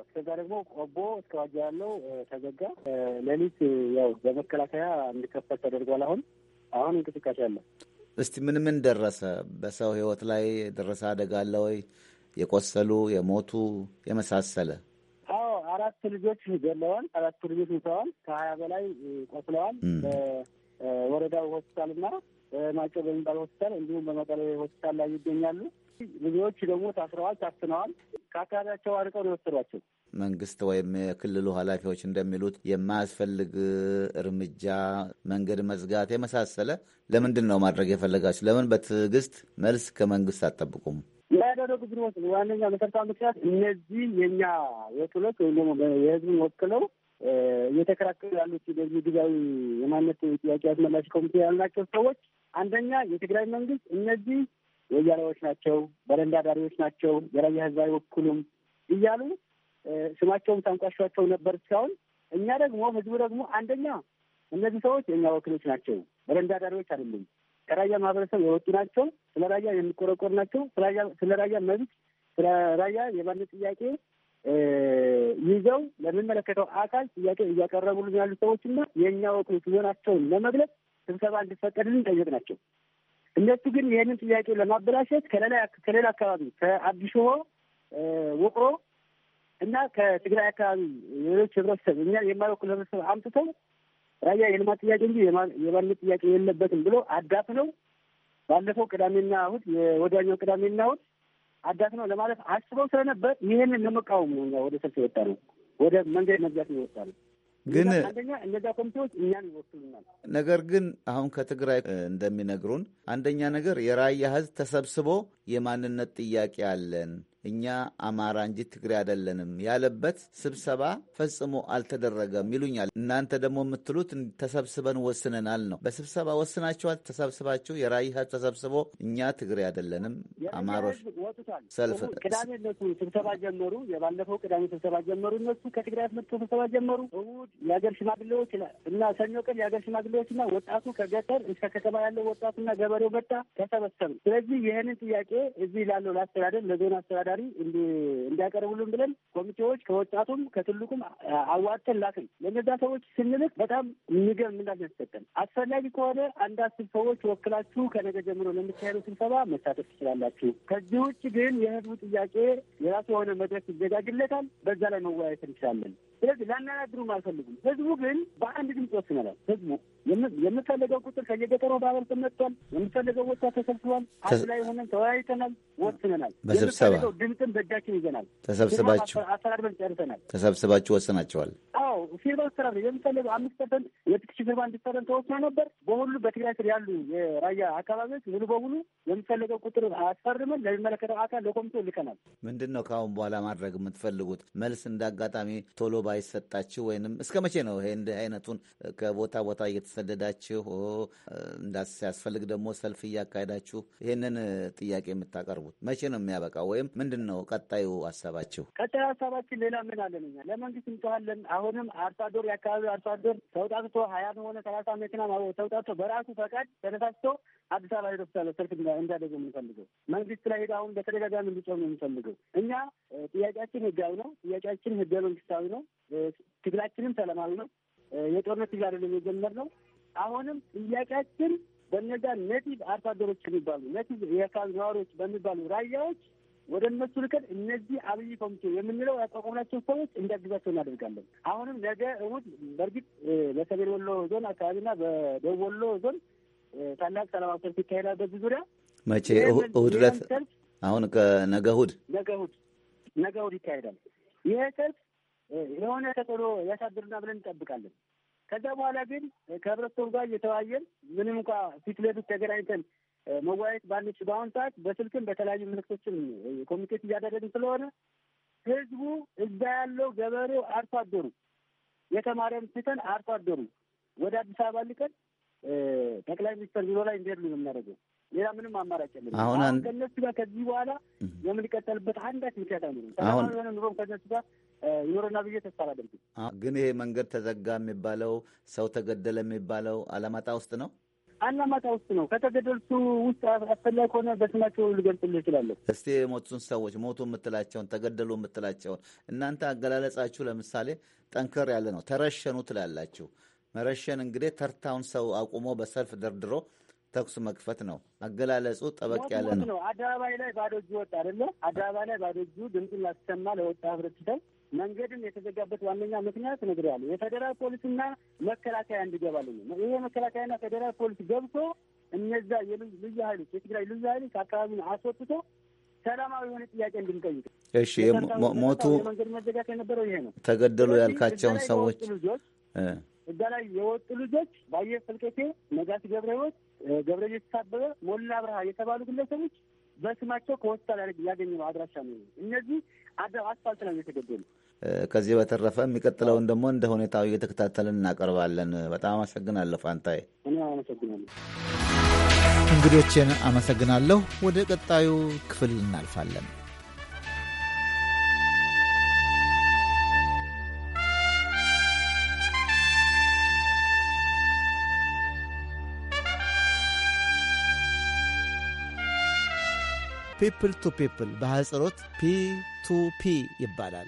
እስከዛ ደግሞ ቆቦ እስከ ዋጃ ያለው ተዘጋ። ሌሊት ያው በመከላከያ እንዲከፈት ተደርጓል። አሁን አሁን እንቅስቃሴ አለ። እስቲ ምን ምን ደረሰ? በሰው ህይወት ላይ ደረሰ አደጋ አለ ወይ? የቆሰሉ የሞቱ የመሳሰለ አዎ፣ አራት ልጆች ገለዋል። አራት ልጆች ሙተዋል። ከሀያ በላይ ቆስለዋል። ወረዳው ሆስፒታል እና ማይጨው በሚባል ሆስፒታል እንዲሁም በመቀሌ ሆስፒታል ላይ ይገኛሉ። ልጆች ደግሞ ታስረዋል፣ ታፍነዋል። ከአካባቢያቸው አርቀው ነው የወሰዷቸው። መንግስት ወይም የክልሉ ኃላፊዎች እንደሚሉት የማያስፈልግ እርምጃ፣ መንገድ መዝጋት የመሳሰለ ለምንድን ነው ማድረግ የፈለጋችሁ? ለምን በትዕግስት መልስ ከመንግስት አጠብቁም? ያደረጉት ዋነኛ መሰረታዊ ምክንያት እነዚህ የኛ ወክሎች ወይም ደግሞ የህዝብን ወክለው እየተከራከሩ ያሉት በዚህ ጊዜያዊ የማንነት ጥያቄ አስመላሽ ኮሚቴ ያልናቸው ሰዎች አንደኛ የትግራይ መንግስት እነዚህ ወያኔዎች ናቸው፣ በረንዳ ዳሪዎች ናቸው፣ የራያ ህዝብ አይወክሉም እያሉ ስማቸውም ታንቋሿቸው ነበር እስካሁን። እኛ ደግሞ ህዝቡ ደግሞ አንደኛ እነዚህ ሰዎች የእኛ ወኪሎች ናቸው፣ በረንዳ ዳሪዎች አይደሉም፣ ከራያ ማህበረሰብ የወጡ ናቸው፣ ስለ ራያ የሚቆረቆር ናቸው፣ ስለ ራያ መብት፣ ስለ ራያ የማንነት ጥያቄ ይዘው ለሚመለከተው አካል ጥያቄ እያቀረቡልን ያሉ ሰዎችና የእኛ ወኪሎች ዞናቸውን ለመግለጽ ስብሰባ እንዲፈቀድልን ናቸው። እነሱ ግን ይህንን ጥያቄ ለማበላሸት ከሌላ አካባቢ ከአዲሾሆ ውቅሮ እና ከትግራይ አካባቢ ሌሎች ህብረተሰብ እኛ የማይወክል ህብረተሰብ አምጥተው ራያ የልማት ጥያቄ እንጂ የማንነት ጥያቄ የለበትም ብሎ አዳፍ ነው። ባለፈው ቅዳሜና እሑድ የወዲያኛው ቅዳሜና እሑድ አዳት ነው ለማለት አስበው ስለነበር ይህንን ለመቃወም ነው ወደ ሰልፍ የወጣ ነው። ወደ መንገድ መዝጋት ነው የወጣ ነው። ግን አንደኛ እነዚያ ኮሚቴዎች እኛን ይወክሉናል። ነገር ግን አሁን ከትግራይ እንደሚነግሩን አንደኛ ነገር የራያ ህዝብ ተሰብስቦ የማንነት ጥያቄ አለን እኛ አማራ እንጂ ትግሬ አይደለንም ያለበት ስብሰባ ፈጽሞ አልተደረገም ይሉኛል። እናንተ ደግሞ የምትሉት ተሰብስበን ወስነናል ነው። በስብሰባ ወስናችኋል። ተሰብስባችሁ የራይህ ተሰብስቦ እኛ ትግሬ አይደለንም አማሮች ሰልፍ ቅዳሜ እነሱ ስብሰባ ጀመሩ። የባለፈው ቅዳሜ ስብሰባ ጀመሩ። እነሱ ከትግራይ መጥቶ ስብሰባ ጀመሩ። እሑድ የሀገር ሽማግሌዎች እና ሰኞ ቀን የሀገር ሽማግሌዎች እና ወጣቱ ከገጠር እስከ ከተማ ያለው ወጣቱና ገበሬው መጣ፣ ተሰበሰብ። ስለዚህ ይህንን ጥያቄ እዚህ ላለው ለአስተዳደር ለዞን አስተዳደር አማካሪ እንዲያቀርቡልን ብለን ኮሚቴዎች ከወጣቱም ከትልቁም አዋጥተን ላክን። ለእነዛ ሰዎች ስንልክ በጣም የሚገርም ምላሽ አስፈላጊ ከሆነ አንድ አስር ሰዎች ወክላችሁ ከነገ ጀምሮ ለሚካሄደው ስብሰባ መሳተፍ ትችላላችሁ። ከዚህ ውጭ ግን የህዝቡ ጥያቄ የራሱ የሆነ መድረክ ይዘጋጅለታል። በዛ ላይ መወያየት እንችላለን። ስለዚህ ላናናግሩም አልፈልጉም። ህዝቡ ግን በአንድ ድምፅ ወስነላል። ህዝቡ የምፈልገው ቁጥር ከየገጠሩ ባበልጥ መጥቷል። የምፈልገው ወጣት ተሰብስቧል። አንድ ላይ ሆነን ተወያይተናል፣ ወስነናል። የምፈልገው ድምፅን በእጃችን ይዘናል። ተሰብስባችሁ አስተዳድበን ጨርሰናል። ተሰብስባችሁ ወስናችኋል? አዎ ፊርማ አስተዳድ ለምሳሌ አምስት ፐርሰንት የትክሽ ፊርማ እንዲሰረን ተወስኖ ነበር። በሁሉ በትግራይ ስር ያሉ የራያ አካባቢዎች ሙሉ በሙሉ የሚፈለገው ቁጥር አስፈርመን ለሚመለከተው አካል ለኮሚቴው ልከናል። ምንድን ነው ከአሁን በኋላ ማድረግ የምትፈልጉት? መልስ እንደ አጋጣሚ ቶሎ ባይሰጣችሁ ወይንም እስከ መቼ ነው ይሄ እንደ አይነቱን ከቦታ ቦታ እየተሰደዳችሁ ሲያስፈልግ ደግሞ ሰልፍ እያካሄዳችሁ ይሄንን ጥያቄ የምታቀርቡት መቼ ነው የሚያበቃው? ወይም ምንድን ነው ቀጣዩ ሀሳባችሁ? ቀጣዩ ሀሳባችን ሌላ ምን አለን እኛ ለመንግስት እንጮኻለን። አሁንም አርሶ አደር የአካባቢ አርሶ አደር ተውጣትቶ ሀያም ሆነ ሰላሳ መኪና ተውጣቶ በራሱ ፈቃድ ተነሳስቶ አዲስ አበባ ሄዶ ሰልፍ እንዳደገ የምንፈልገው መንግስት ላይ ሄዶ አሁን በተደጋጋሚ እንዲጮህ ነው የምንፈልገው እኛ ጥያቄያችን ህጋዊ ነው። ጥያቄያችን ህገ መንግስታዊ ነው። ትግላችንም ሰላማዊ ነው። የጦርነት ትግል አይደለም የጀመርነው። አሁንም ጥያቄያችን በነዛ ነቲቭ አርሶ አደሮች የሚባሉ ነቲቭ የአካባቢ ነዋሪዎች በሚባሉ ራያዎች ወደ እነሱ ልከን እነዚህ አብይ ኮሚቴ የምንለው ያቋቋምናቸው ሰዎች እንዲያግዛቸው እናደርጋለን። አሁንም ነገ እሁድ በእርግጥ በሰሜን ወሎ ዞን አካባቢና በደቡብ ወሎ ዞን ታላቅ ሰላማዊ ሰልፍ ይካሄዳል። በዚህ ዙሪያ መቼ እሁድ ዕለት አሁን ከነገ እሑድ ነገ እሑድ ነገ እሑድ ይካሄዳል። ይሄ ሰልፍ የሆነ ተጽዕኖ ያሳድርና ብለን እንጠብቃለን። ከዛ በኋላ ግን ከህብረተሰቡ ጋር እየተወያየን ምንም እንኳ ፊት ለፊት ተገናኝተን መወያየት ባለች በአሁኑ ሰዓት በስልክም በተለያዩ ምልክቶችም ኮሚኒኬት እያደረግን ስለሆነ ህዝቡ እዛ ያለው ገበሬው አርሶ አደሩ የተማሪያም ትተን አርሶ አደሩ ወደ አዲስ አበባ ልቀን ጠቅላይ ሚኒስትር ቢሮ ላይ እንዲሄድ ነው የምናደርገው። ሌላ ምንም አማራጭ የለም። አሁን ከነሱ ጋር ከዚህ በኋላ የምንቀጠልበት አንዳች ምክንያት አይኖርም። ሰላማዊ የሆነ ኑሮም ከነሱ ጋር ይኖረና ብዬ ተስፋ አላደርግም። ግን ይሄ መንገድ ተዘጋ የሚባለው ሰው ተገደለ የሚባለው አላማጣ ውስጥ ነው አላማጣ ውስጥ ነው። ከተገደሉት ውስጥ አስፈላጊ ከሆነ በስማቸው ልገልጽልህ እችላለሁ። እስቲ የሞቱን ሰዎች ሞቱ የምትላቸውን ተገደሉ የምትላቸውን እናንተ አገላለጻችሁ ለምሳሌ ጠንከር ያለ ነው። ተረሸኑ ትላላችሁ። መረሸን እንግዲህ ተርታውን ሰው አቁሞ በሰልፍ ደርድሮ ተኩስ መክፈት ነው። አገላለጹ ጠበቅ ያለ ነው። አደባባይ ላይ ባዶ እጁ ወጣ አደለ? አደባባይ ላይ ባዶ እጁ ድምፁን ላሰማ ለወጣ ህብረተሰብ መንገድን የተዘጋበት ዋነኛ ምክንያት ነግሬያለሁ። የፌዴራል ፖሊስና መከላከያ እንዲገባልኝ ነው። ይሄ መከላከያና ፌዴራል ፖሊስ ገብቶ እነዛ የልዩ ኃይሎች የትግራይ ልዩ ኃይሎች አካባቢውን አስወጥቶ ሰላማዊ የሆነ ጥያቄ እንድንጠይቅ። እሺ፣ ሞቱ መንገድ መዘጋት የነበረው ይሄ ነው። ተገደሉ ያልካቸውን ሰዎች እዛ ላይ የወጡ ልጆች ባየ ፍልቄቴ፣ ነጋሲ ገብረ ሕይወት፣ ገብረ የተሳበበ፣ ሞላ ብርሃ የተባሉ ግለሰቦች በስማቸው ከሆስፒታል ያገኘ ነው አድራሻ ነው። እነዚህ አስፋልት ነው እየተገደሉ። ከዚህ በተረፈ የሚቀጥለውን ደግሞ እንደ ሁኔታው እየተከታተልን እናቀርባለን። በጣም አመሰግናለሁ ፋንታይ። እኔ አመሰግናለሁ እንግዶችን አመሰግናለሁ። ወደ ቀጣዩ ክፍል እናልፋለን። ፒፕል ቱ ፒፕል በአህጽሮት ፒ ቱ ፒ ይባላል።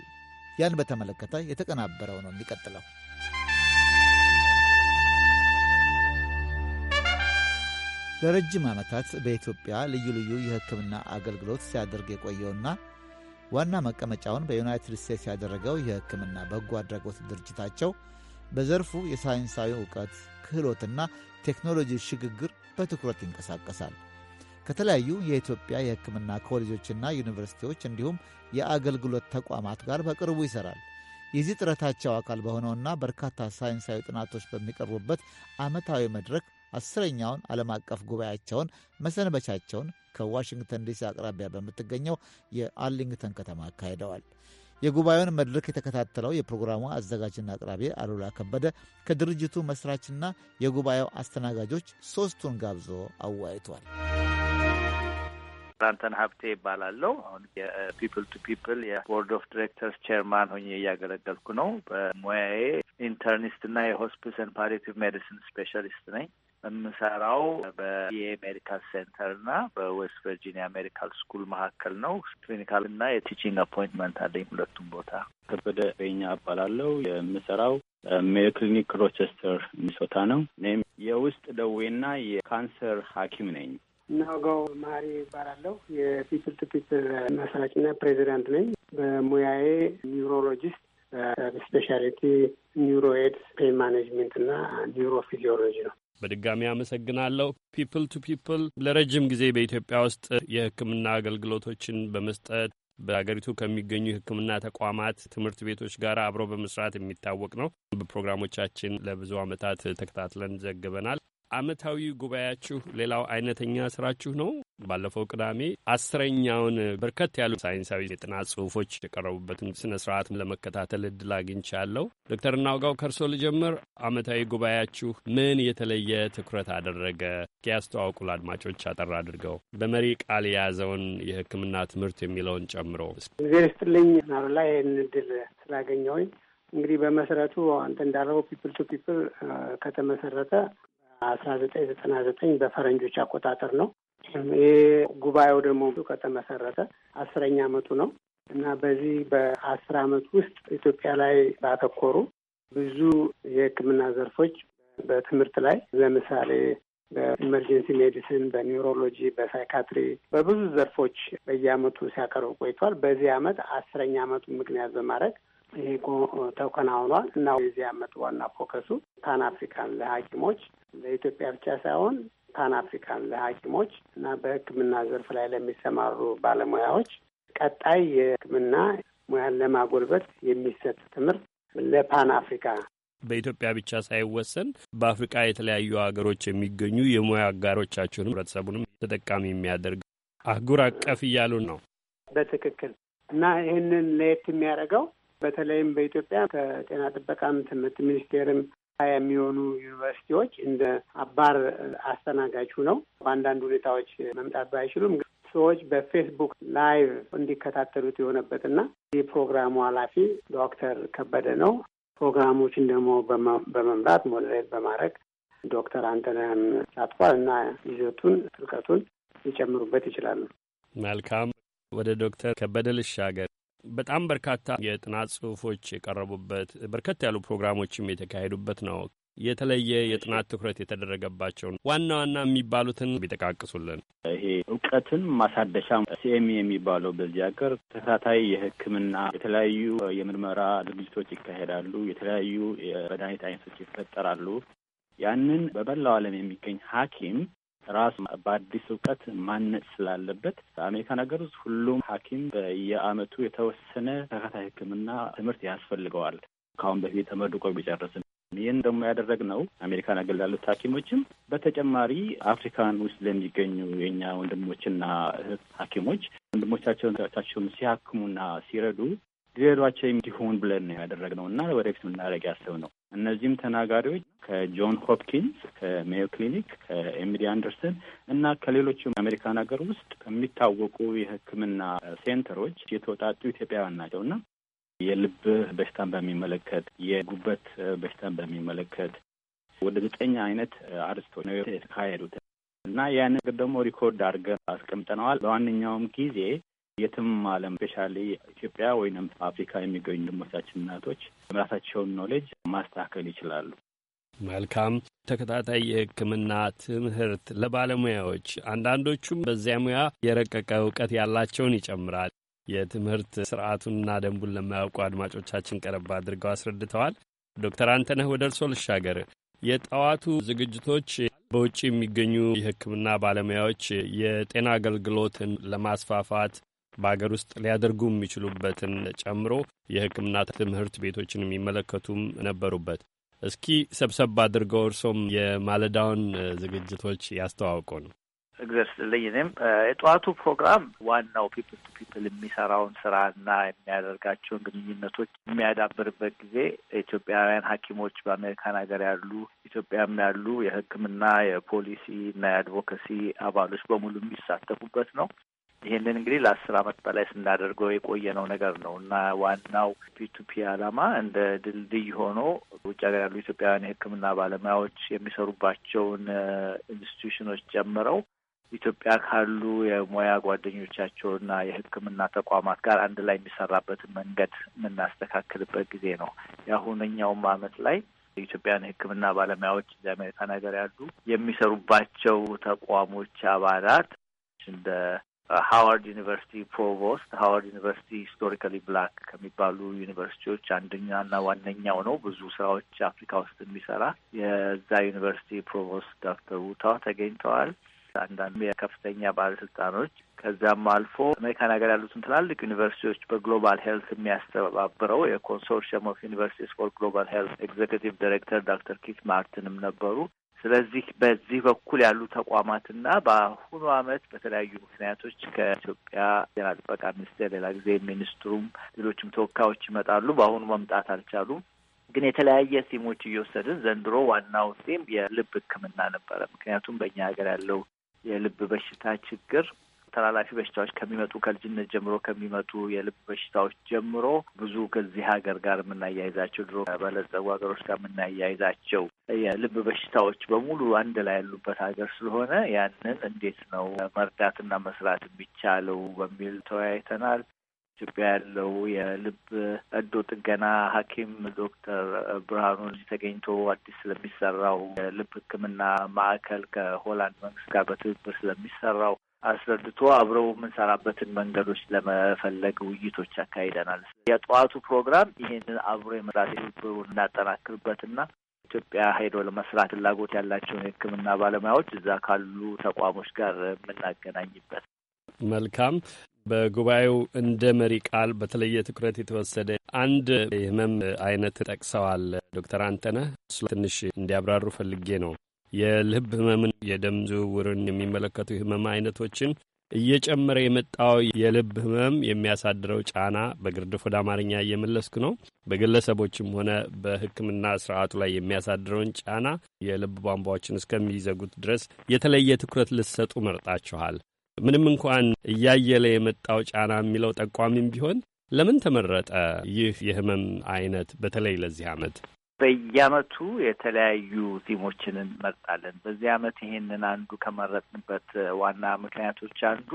ያን በተመለከተ የተቀናበረው ነው የሚቀጥለው። ለረጅም ዓመታት በኢትዮጵያ ልዩ ልዩ የሕክምና አገልግሎት ሲያደርግ የቆየውና ዋና መቀመጫውን በዩናይትድ ስቴትስ ያደረገው የሕክምና በጎ አድራጎት ድርጅታቸው በዘርፉ የሳይንሳዊ ዕውቀት ክህሎትና ቴክኖሎጂ ሽግግር በትኩረት ይንቀሳቀሳል። ከተለያዩ የኢትዮጵያ የሕክምና ኮሌጆችና ዩኒቨርሲቲዎች እንዲሁም የአገልግሎት ተቋማት ጋር በቅርቡ ይሠራል። የዚህ ጥረታቸው አካል በሆነውና በርካታ ሳይንሳዊ ጥናቶች በሚቀርቡበት ዓመታዊ መድረክ አስረኛውን ዓለም አቀፍ ጉባኤያቸውን መሰንበቻቸውን ከዋሽንግተን ዲሲ አቅራቢያ በምትገኘው የአርሊንግተን ከተማ አካሂደዋል። የጉባኤውን መድረክ የተከታተለው የፕሮግራሙ አዘጋጅና አቅራቢ አሉላ ከበደ ከድርጅቱ መስራችና የጉባኤው አስተናጋጆች ሦስቱን ጋብዞ አወያይቷል። ዳንተን ሀብቴ ይባላለሁ። አሁን የፒፕል ቱ ፒፕል የቦርድ ኦፍ ዲሬክተርስ ቼርማን ሆኜ እያገለገልኩ ነው። በሙያዬ ኢንተርኒስት እና የሆስፒስ ኤንድ ፓሊያቲቭ ሜዲሲን ስፔሻሊስት ነኝ። የምሰራው በዲኤ ሜዲካል ሴንተር እና በዌስት ቨርጂኒያ ሜዲካል ስኩል መካከል ነው። ክሊኒካል እና የቲቺንግ አፖይንትመንት አለኝ ሁለቱም ቦታ። ከበደ በኛ እባላለሁ። የምሰራው ሜዮ ክሊኒክ ሮቸስተር ሚሶታ ነው። እኔም የውስጥ ደዌና የካንሰር ሐኪም ነኝ። ናጋው ማሪ ይባላለሁ። የፒፕል ቱ ፒፕል መስራችና ፕሬዚዳንት ነኝ። በሙያዬ ኒውሮሎጂስት ስፔሻሊቲ ኒውሮ ፔን ማኔጅመንት እና ኒውሮ ፊዚዮሎጂ ነው። በድጋሚ አመሰግናለሁ። ፒፕል ቱ ፒፕል ለረጅም ጊዜ በኢትዮጵያ ውስጥ የሕክምና አገልግሎቶችን በመስጠት በሀገሪቱ ከሚገኙ የሕክምና ተቋማት ትምህርት ቤቶች ጋር አብሮ በመስራት የሚታወቅ ነው። በፕሮግራሞቻችን ለብዙ ዓመታት ተከታትለን ዘግበናል። አመታዊ ጉባኤያችሁ ሌላው አይነተኛ ስራችሁ ነው። ባለፈው ቅዳሜ አስረኛውን በርከት ያሉ ሳይንሳዊ የጥናት ጽሁፎች የቀረቡበትን ስነ ስርዓት ለመከታተል እድል አግኝቻለሁ። ዶክተር እናውጋው ከርሶ ልጀምር። አመታዊ ጉባኤያችሁ ምን የተለየ ትኩረት አደረገ? ያስተዋውቁ ለአድማጮች አጠር አድርገው በመሪ ቃል የያዘውን የሕክምና ትምህርት የሚለውን ጨምሮ። እግዜር ይስጥልኝ ይህን እድል ስላገኘውኝ እንግዲህ በመሰረቱ አንተ እንዳለው ፒፕል ቱ ፒፕል ከተመሰረተ አስራ ዘጠኝ ዘጠና ዘጠኝ በፈረንጆች አቆጣጠር ነው። ይህ ጉባኤው ደግሞ ከተመሰረተ አስረኛ አመቱ ነው እና በዚህ በአስር አመት ውስጥ ኢትዮጵያ ላይ ባተኮሩ ብዙ የሕክምና ዘርፎች በትምህርት ላይ ለምሳሌ በኢመርጀንሲ ሜዲሲን፣ በኒውሮሎጂ፣ በሳይካትሪ በብዙ ዘርፎች በየአመቱ ሲያቀርብ ቆይቷል። በዚህ አመት አስረኛ አመቱ ምክንያት በማድረግ ይሄ ተከናውኗል እና የዚህ ዓመት ዋና ፎከሱ ፓን አፍሪካን ለሐኪሞች ለኢትዮጵያ ብቻ ሳይሆን ፓን አፍሪካን ለሐኪሞች እና በሕክምና ዘርፍ ላይ ለሚሰማሩ ባለሙያዎች ቀጣይ የሕክምና ሙያን ለማጎልበት የሚሰጥ ትምህርት ለፓን አፍሪካ በኢትዮጵያ ብቻ ሳይወሰን በአፍሪቃ የተለያዩ ሀገሮች የሚገኙ የሙያ አጋሮቻችሁንም ህብረተሰቡንም ተጠቃሚ የሚያደርግ አህጉር አቀፍ እያሉን ነው። በትክክል እና ይህንን ለየት የሚያደርገው በተለይም በኢትዮጵያ ከጤና ጥበቃም ትምህርት ሚኒስቴርም የሚሆኑ ዩኒቨርሲቲዎች እንደ አባር አስተናጋጅ ሁነው በአንዳንድ ሁኔታዎች መምጣት ባይችሉም ሰዎች በፌስቡክ ላይቭ እንዲከታተሉት የሆነበትና የፕሮግራሙ ኃላፊ ዶክተር ከበደ ነው። ፕሮግራሞችን ደግሞ በመምራት ሞዴሬት በማድረግ ዶክተር አንተነህም ተሳትፏል እና ይዘቱን ጥልቀቱን ሊጨምሩበት ይችላሉ። መልካም ወደ ዶክተር ከበደ ልሻገር። በጣም በርካታ የጥናት ጽሁፎች የቀረቡበት በርከት ያሉ ፕሮግራሞችም የተካሄዱበት ነው። የተለየ የጥናት ትኩረት የተደረገባቸውን ዋና ዋና የሚባሉትን ቢጠቃቅሱልን። ይሄ እውቀትን ማሳደሻ ሲኤም የሚባለው በዚህ ሀገር ተከታታይ የሕክምና የተለያዩ የምርመራ ዝግጅቶች ይካሄዳሉ። የተለያዩ የመድኃኒት አይነቶች ይፈጠራሉ። ያንን በበላው ዓለም የሚገኝ ሐኪም ራስ በአዲስ እውቀት ማነጽ ስላለበት አሜሪካን ሀገር ውስጥ ሁሉም ሐኪም በየአመቱ የተወሰነ ተከታይ ሕክምና ትምህርት ያስፈልገዋል። ከአሁን በፊት ተመርቆ ቢጨርስም ይህን ደግሞ ያደረግ ነው አሜሪካን ሀገር ላሉት ሐኪሞችም በተጨማሪ አፍሪካን ውስጥ ለሚገኙ የኛ ወንድሞችና እህት ሐኪሞች ወንድሞቻቸውን ቻቸውን ሲያክሙና ሲረዱ ሊረዷቸው እንዲሆን ብለን ነው ያደረግነው እና ወደፊት ምናደረግ የምናደርግ ነው። እነዚህም ተናጋሪዎች ከጆን ሆፕኪንስ፣ ከሜዮ ክሊኒክ፣ ከኤምዲ አንደርሰን እና ከሌሎች አሜሪካን ሀገር ውስጥ ከሚታወቁ የሕክምና ሴንተሮች የተወጣጡ ኢትዮጵያውያን ናቸው እና የልብ በሽታን በሚመለከት የጉበት በሽታን በሚመለከት ወደ ዘጠኝ አይነት አርስቶች ነው የተካሄዱት እና ያን ነገር ደግሞ ሪኮርድ አድርገን አስቀምጠነዋል። በዋነኛውም ጊዜ የትም ዓለም ስፔሻሊ ኢትዮጵያ ወይም አፍሪካ የሚገኙ ድሞቻችን እናቶች ራሳቸውን ኖሌጅ ማስተካከል ይችላሉ። መልካም ተከታታይ የሕክምና ትምህርት ለባለሙያዎች አንዳንዶቹም በዚያ ሙያ የረቀቀ እውቀት ያላቸውን ይጨምራል። የትምህርት ስርዓቱንና ደንቡን ለማያውቁ አድማጮቻችን ቀረብ አድርገው አስረድተዋል። ዶክተር አንተነህ ወደ እርሶ ልሻገር። የጠዋቱ ዝግጅቶች በውጭ የሚገኙ የሕክምና ባለሙያዎች የጤና አገልግሎትን ለማስፋፋት በሀገር ውስጥ ሊያደርጉ የሚችሉበትን ጨምሮ የሕክምና ትምህርት ቤቶችን የሚመለከቱም ነበሩበት። እስኪ ሰብሰብ አድርገው እርሶም የማለዳውን ዝግጅቶች ያስተዋውቁ ነው። እግዜር ይስጥልኝ። እኔም የጠዋቱ ፕሮግራም ዋናው ፒፕል ቱ ፒፕል የሚሰራውን ስራና የሚያደርጋቸውን ግንኙነቶች የሚያዳብርበት ጊዜ ኢትዮጵያውያን ሐኪሞች በአሜሪካን ሀገር ያሉ ኢትዮጵያም ያሉ የህክምና የፖሊሲ እና የአድቮካሲ አባሎች በሙሉ የሚሳተፉበት ነው። ይህንን እንግዲህ ለአስር አመት በላይ ስናደርገው የቆየነው ነገር ነው እና ዋናው ፒቱፒ አላማ እንደ ድልድይ ሆኖ ውጭ ሀገር ያሉ ኢትዮጵያውያን የሕክምና ባለሙያዎች የሚሰሩባቸውን ኢንስቲትዩሽኖች ጨምረው ኢትዮጵያ ካሉ የሙያ ጓደኞቻቸውና የሕክምና ተቋማት ጋር አንድ ላይ የሚሰራበትን መንገድ የምናስተካክልበት ጊዜ ነው። የአሁነኛውም አመት ላይ የኢትዮጵያን ሕክምና ባለሙያዎች እዚ አሜሪካን ሀገር ያሉ የሚሰሩባቸው ተቋሞች አባላት እንደ ሃዋርድ ዩኒቨርሲቲ ፕሮቮስት ሀዋርድ ዩኒቨርሲቲ ሂስቶሪካሊ ብላክ ከሚባሉ ዩኒቨርሲቲዎች አንደኛና ዋነኛው ነው። ብዙ ስራዎች አፍሪካ ውስጥ የሚሰራ የዛ ዩኒቨርሲቲ ፕሮቮስት ዶክተር ውታ ተገኝተዋል። አንዳንድ የከፍተኛ ባለስልጣኖች ከዚያም አልፎ አሜሪካን ሀገር ያሉትን ትላልቅ ዩኒቨርሲቲዎች በግሎባል ሄልት የሚያስተባብረው የኮንሶርሽም ኦፍ ዩኒቨርሲቲስ ፎር ግሎባል ሄልት ኤግዜኪቲቭ ዳይሬክተር ዶክተር ኪት ማርቲንም ነበሩ። ስለዚህ በዚህ በኩል ያሉ ተቋማትና በአሁኑ ዓመት በተለያዩ ምክንያቶች ከኢትዮጵያ ጤና ጥበቃ ሚኒስቴር ሌላ ጊዜ ሚኒስትሩም ሌሎችም ተወካዮች ይመጣሉ። በአሁኑ መምጣት አልቻሉም። ግን የተለያየ ሲሞች እየወሰድን ዘንድሮ ዋናው ሲም የልብ ሕክምና ነበረ። ምክንያቱም በእኛ ሀገር ያለው የልብ በሽታ ችግር ተላላፊ በሽታዎች ከሚመጡ ከልጅነት ጀምሮ ከሚመጡ የልብ በሽታዎች ጀምሮ ብዙ ከዚህ ሀገር ጋር የምናያይዛቸው ድሮ በለጸጉ ሀገሮች ጋር የምናያይዛቸው የልብ በሽታዎች በሙሉ አንድ ላይ ያሉበት ሀገር ስለሆነ ያንን እንዴት ነው መርዳትና መስራት የሚቻለው በሚል ተወያይተናል። ኢትዮጵያ ያለው የልብ ቀዶ ጥገና ሐኪም ዶክተር ብርሃኑ ተገኝቶ አዲስ ስለሚሰራው የልብ ሕክምና ማዕከል ከሆላንድ መንግስት ጋር በትብብር ስለሚሰራው አስረድቶ አብረው የምንሰራበትን መንገዶች ለመፈለግ ውይይቶች ያካሂደናል። የጠዋቱ ፕሮግራም ይህንን አብሮ የመስራት ትብብሩን እናጠናክርበትና ኢትዮጵያ ሄዶ ለመስራት ፍላጎት ያላቸውን የሕክምና ባለሙያዎች እዛ ካሉ ተቋሞች ጋር የምናገናኝበት መልካም በጉባኤው እንደ መሪ ቃል በተለየ ትኩረት የተወሰደ አንድ የህመም አይነት ጠቅሰዋል ዶክተር አንተነህ እሱ ትንሽ እንዲያብራሩ ፈልጌ ነው። የልብ ህመምን፣ የደም ዝውውርን የሚመለከቱ ህመም አይነቶችን እየጨመረ የመጣው የልብ ህመም የሚያሳድረው ጫና በግርድፍ ወደ አማርኛ እየመለስኩ ነው። በግለሰቦችም ሆነ በሕክምና ስርዓቱ ላይ የሚያሳድረውን ጫና የልብ ቧንቧዎችን እስከሚዘጉት ድረስ የተለየ ትኩረት ልትሰጡ መርጣችኋል። ምንም እንኳን እያየለ የመጣው ጫና የሚለው ጠቋሚም ቢሆን ለምን ተመረጠ ይህ የህመም አይነት በተለይ ለዚህ አመት? በየአመቱ የተለያዩ ቲሞችን እንመርጣለን። በዚህ አመት ይሄንን አንዱ ከመረጥንበት ዋና ምክንያቶች አንዱ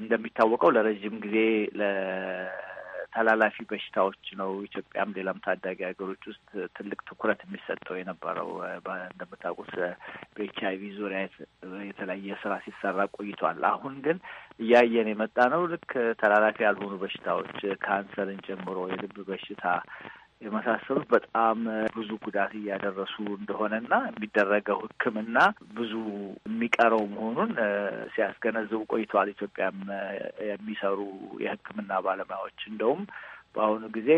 እንደሚታወቀው ለረዥም ጊዜ ለተላላፊ በሽታዎች ነው ኢትዮጵያም ሌላም ታዳጊ ሀገሮች ውስጥ ትልቅ ትኩረት የሚሰጠው የነበረው። እንደምታውቁት በኤች አይቪ ዙሪያ የተለያየ ስራ ሲሰራ ቆይቷል። አሁን ግን እያየን የመጣ ነው ልክ ተላላፊ ያልሆኑ በሽታዎች ካንሰርን ጨምሮ የልብ በሽታ የመሳሰሉት በጣም ብዙ ጉዳት እያደረሱ እንደሆነና የሚደረገው ሕክምና ብዙ የሚቀረው መሆኑን ሲያስገነዝቡ ቆይተዋል። ኢትዮጵያም የሚሰሩ የሕክምና ባለሙያዎች እንደውም በአሁኑ ጊዜ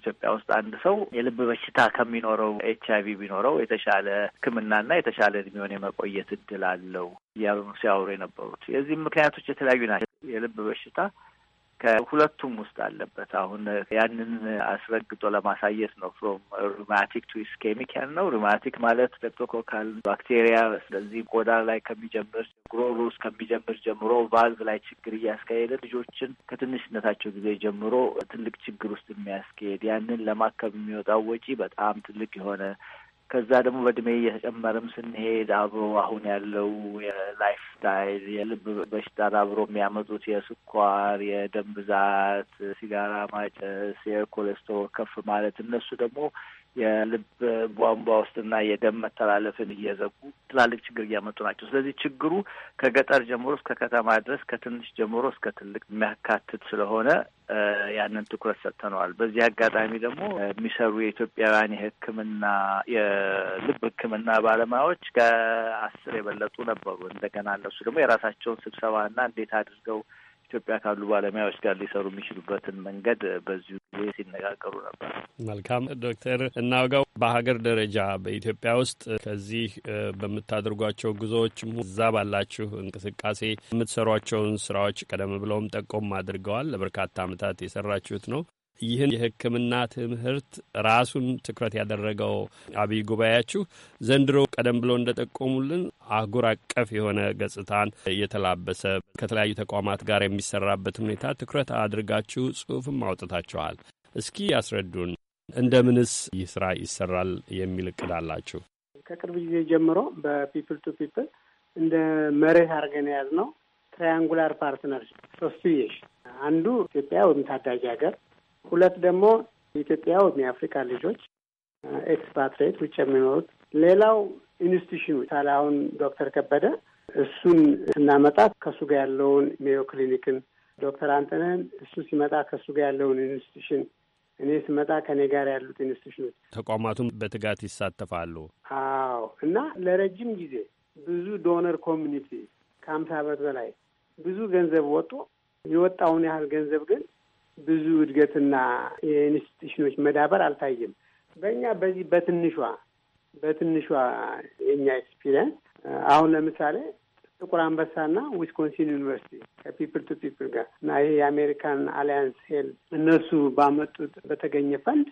ኢትዮጵያ ውስጥ አንድ ሰው የልብ በሽታ ከሚኖረው ኤች አይቪ ቢኖረው የተሻለ ህክምናና የተሻለ እድሜውን የመቆየት እድል አለው እያሉ ሲያወሩ የነበሩት። የዚህም ምክንያቶች የተለያዩ ናቸው። የልብ በሽታ ከሁለቱም ውስጥ አለበት። አሁን ያንን አስረግጦ ለማሳየት ነው። ፍሮም ሩማቲክ ቱ ኢስኬሚካል ነው። ሩማቲክ ማለት ስትሬፕቶኮካል ባክቴሪያ ስለዚህ ቆዳ ላይ ከሚጀምር ጉሮሮ ውስጥ ከሚጀምር ጀምሮ ቫልቭ ላይ ችግር እያስካሄደ ልጆችን ከትንሽነታቸው ጊዜ ጀምሮ ትልቅ ችግር ውስጥ የሚያስካሄድ ያንን ለማከም የሚወጣው ወጪ በጣም ትልቅ የሆነ ከዛ ደግሞ በእድሜ እየተጨመረም ስንሄድ አብሮ አሁን ያለው የላይፍ ስታይል የልብ በሽታን አብሮ የሚያመጡት የስኳር፣ የደም ብዛት፣ ሲጋራ ማጨስ፣ የኮሌስትሮል ከፍ ማለት እነሱ ደግሞ የልብ ቧንቧ ውስጥና የደም መተላለፍን እየዘጉ ትላልቅ ችግር እያመጡ ናቸው። ስለዚህ ችግሩ ከገጠር ጀምሮ እስከ ከተማ ድረስ ከትንሽ ጀምሮ እስከ ትልቅ የሚያካትት ስለሆነ ያንን ትኩረት ሰጥተነዋል። በዚህ አጋጣሚ ደግሞ የሚሰሩ የኢትዮጵያውያን የሕክምና የልብ ሕክምና ባለሙያዎች ከአስር የበለጡ ነበሩ። እንደገና እነሱ ደግሞ የራሳቸውን ስብሰባና እንዴት አድርገው ኢትዮጵያ ካሉ ባለሙያዎች ጋር ሊሰሩ የሚችሉበትን መንገድ በዚሁ ጊዜ ሲነጋገሩ ነበር። መልካም ዶክተር እናውጋው በሀገር ደረጃ በኢትዮጵያ ውስጥ ከዚህ በምታደርጓቸው ጉዞዎች እዛ ባላችሁ እንቅስቃሴ የምትሰሯቸውን ስራዎች ቀደም ብለውም ጠቆም አድርገዋል። ለበርካታ ዓመታት የሰራችሁት ነው። ይህን የሕክምና ትምህርት ራሱን ትኩረት ያደረገው አብይ ጉባኤያችሁ ዘንድሮ ቀደም ብሎ እንደጠቆሙልን አህጉር አቀፍ የሆነ ገጽታን የተላበሰ ከተለያዩ ተቋማት ጋር የሚሰራበት ሁኔታ ትኩረት አድርጋችሁ ጽሑፍም አውጥታችኋል። እስኪ ያስረዱን፣ እንደምንስ ይህ ስራ ይሰራል የሚል እቅድ አላችሁ? ከቅርብ ጊዜ ጀምሮ በፒፕል ቱ ፒፕል እንደ መሬት አድርገን የያዝነው ትራያንጉላር ፓርትነርሽፕ ሶስትዮሽ አንዱ ኢትዮጵያ ወይም ታዳጊ ሀገር ሁለት ደግሞ ኢትዮጵያ የአፍሪካ ልጆች ኤክስፓትሬት ውጭ የሚኖሩት ሌላው ኢንስቲቱሽኑ ሳለ አሁን ዶክተር ከበደ እሱን ስናመጣ ከሱ ጋር ያለውን ሜዮ ክሊኒክን ዶክተር አንተነህን እሱ ሲመጣ ከሱ ጋር ያለውን ኢንስቲቱሽን እኔ ስመጣ ከኔ ጋር ያሉት ኢንስቲቱሽኖች ተቋማቱም በትጋት ይሳተፋሉ። አዎ እና ለረጅም ጊዜ ብዙ ዶነር ኮሚኒቲ ከአምሳ ዓመት በላይ ብዙ ገንዘብ ወጡ። የወጣውን ያህል ገንዘብ ግን ብዙ እድገትና የኢንስቲቱሽኖች መዳበር አልታየም። በእኛ በዚህ በትንሿ በትንሿ የእኛ ኤክስፒሪየንስ አሁን ለምሳሌ ጥቁር አንበሳና ዊስኮንሲን ዩኒቨርሲቲ ከፒፕል ቱ ፒፕል ጋር እና ይሄ የአሜሪካን አሊያንስ ሄል እነሱ ባመጡት በተገኘ ፈንድ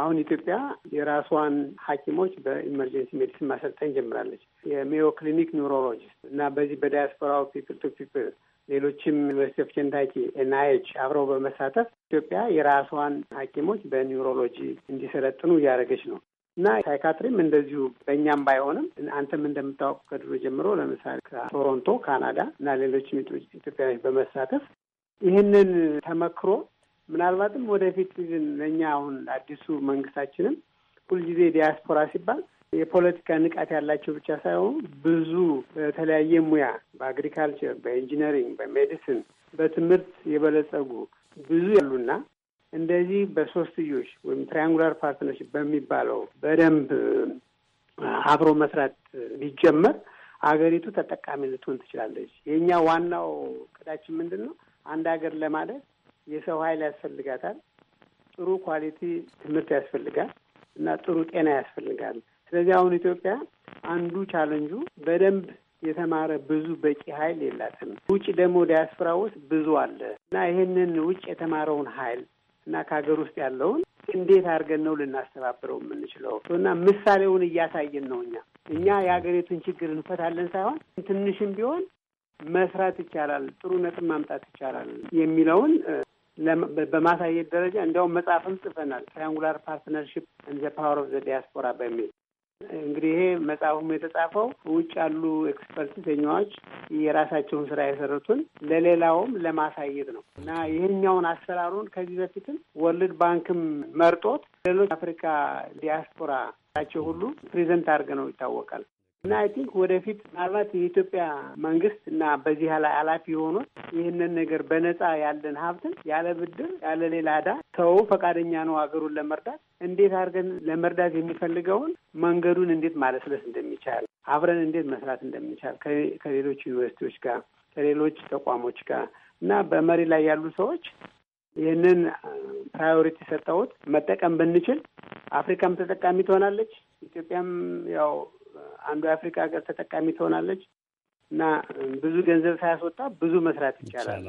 አሁን ኢትዮጵያ የራሷን ሐኪሞች በኢመርጀንሲ ሜዲሲን ማሰልጠን ጀምራለች። የሜዮ ክሊኒክ ኒውሮሎጂስት እና በዚህ በዳያስፖራው ፒፕል ቱ ፒፕል ሌሎችም ዩኒቨርሲቲ ኦፍ ኬንታኪ ኤን አብረው በመሳተፍ ኢትዮጵያ የራሷን ሐኪሞች በኒውሮሎጂ እንዲሰለጥኑ እያደረገች ነው እና ሳይካትሪም እንደዚሁ በእኛም ባይሆንም አንተም እንደምታወቁ ከድሮ ጀምሮ ለምሳሌ ከቶሮንቶ ካናዳ እና ሌሎችም ኢትዮጵያኖች በመሳተፍ ይህንን ተመክሮ ምናልባትም ወደፊት ግን ለእኛ አሁን አዲሱ መንግስታችንም ሁልጊዜ ዲያስፖራ ሲባል የፖለቲካ ንቃት ያላቸው ብቻ ሳይሆን ብዙ በተለያየ ሙያ በአግሪካልቸር፣ በኢንጂነሪንግ፣ በሜዲሲን፣ በትምህርት የበለጸጉ ብዙ ያሉና እንደዚህ በሶስትዮሽ ወይም ትራያንጉላር ፓርትነርሽ በሚባለው በደንብ አብሮ መስራት ቢጀመር አገሪቱ ተጠቃሚ ልትሆን ትችላለች። የእኛ ዋናው ቅዳችን ምንድን ነው? አንድ ሀገር ለማለት የሰው ኃይል ያስፈልጋታል። ጥሩ ኳሊቲ ትምህርት ያስፈልጋል እና ጥሩ ጤና ያስፈልጋል። ስለዚህ አሁን ኢትዮጵያ አንዱ ቻለንጁ በደንብ የተማረ ብዙ በቂ ኃይል የላትም። ውጭ ደግሞ ዲያስፖራ ውስጥ ብዙ አለ እና ይህንን ውጭ የተማረውን ኃይል እና ከሀገር ውስጥ ያለውን እንዴት አድርገን ነው ልናስተባብረው የምንችለው? እና ምሳሌውን እያሳየን ነው። እኛ እኛ የሀገሪቱን ችግር እንፈታለን ሳይሆን ትንሽም ቢሆን መስራት ይቻላል፣ ጥሩ ነጥብ ማምጣት ይቻላል የሚለውን በማሳየት ደረጃ እንዲያውም መጽሐፍም ጽፈናል። ትራያንጉላር ፓርትነርሽፕ እንደ ፓወር ኦፍ ዘ ዲያስፖራ በሚል እንግዲህ ይሄ መጽሐፉም የተጻፈው ውጭ ያሉ ኤክስፐርት ተኛዎች የራሳቸውን ስራ የሰሩትን ለሌላውም ለማሳየት ነው እና ይህኛውን አሰራሩን ከዚህ በፊትም ወርልድ ባንክም መርጦት ሌሎች አፍሪካ ዲያስፖራ ቸው ሁሉ ፕሬዘንት አድርገ ነው ይታወቃል። እና አይ ቲንክ ወደፊት ምናልባት የኢትዮጵያ መንግስት እና በዚህ ላይ ኃላፊ የሆኑት ይህንን ነገር በነፃ ያለን ሀብትን ያለ ብድር ያለ ሌላ ዕዳ ሰው ፈቃደኛ ነው ሀገሩን ለመርዳት እንዴት አድርገን ለመርዳት የሚፈልገውን መንገዱን እንዴት ማለስለስ እንደሚቻል አብረን እንዴት መስራት እንደሚቻል ከሌሎች ዩኒቨርሲቲዎች ጋር ከሌሎች ተቋሞች ጋር እና በመሪ ላይ ያሉ ሰዎች ይህንን ፕራዮሪቲ ሰጠሁት መጠቀም ብንችል አፍሪካም ተጠቃሚ ትሆናለች። ኢትዮጵያም ያው አንዱ የአፍሪካ ሀገር ተጠቃሚ ትሆናለች እና ብዙ ገንዘብ ሳያስወጣ ብዙ መስራት ይቻላል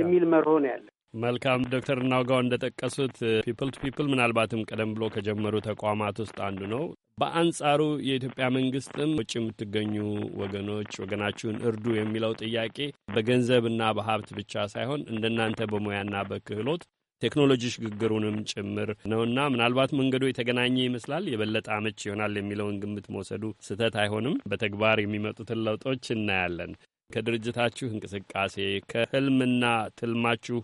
የሚል መርሆ ነው ያለ። መልካም ዶክተር እናውጋው እንደጠቀሱት ፒፕል ቱ ፒፕል ምናልባትም ቀደም ብሎ ከጀመሩ ተቋማት ውስጥ አንዱ ነው። በአንጻሩ የኢትዮጵያ መንግስትም ውጭ የምትገኙ ወገኖች ወገናችሁን እርዱ የሚለው ጥያቄ በገንዘብና በሀብት ብቻ ሳይሆን እንደናንተ በሙያና በክህሎት ቴክኖሎጂ ሽግግሩንም ጭምር ነውና ምናልባት መንገዱ የተገናኘ ይመስላል። የበለጠ አመች ይሆናል የሚለውን ግምት መውሰዱ ስህተት አይሆንም። በተግባር የሚመጡትን ለውጦች እናያለን። ከድርጅታችሁ እንቅስቃሴ ከህልምና ትልማችሁ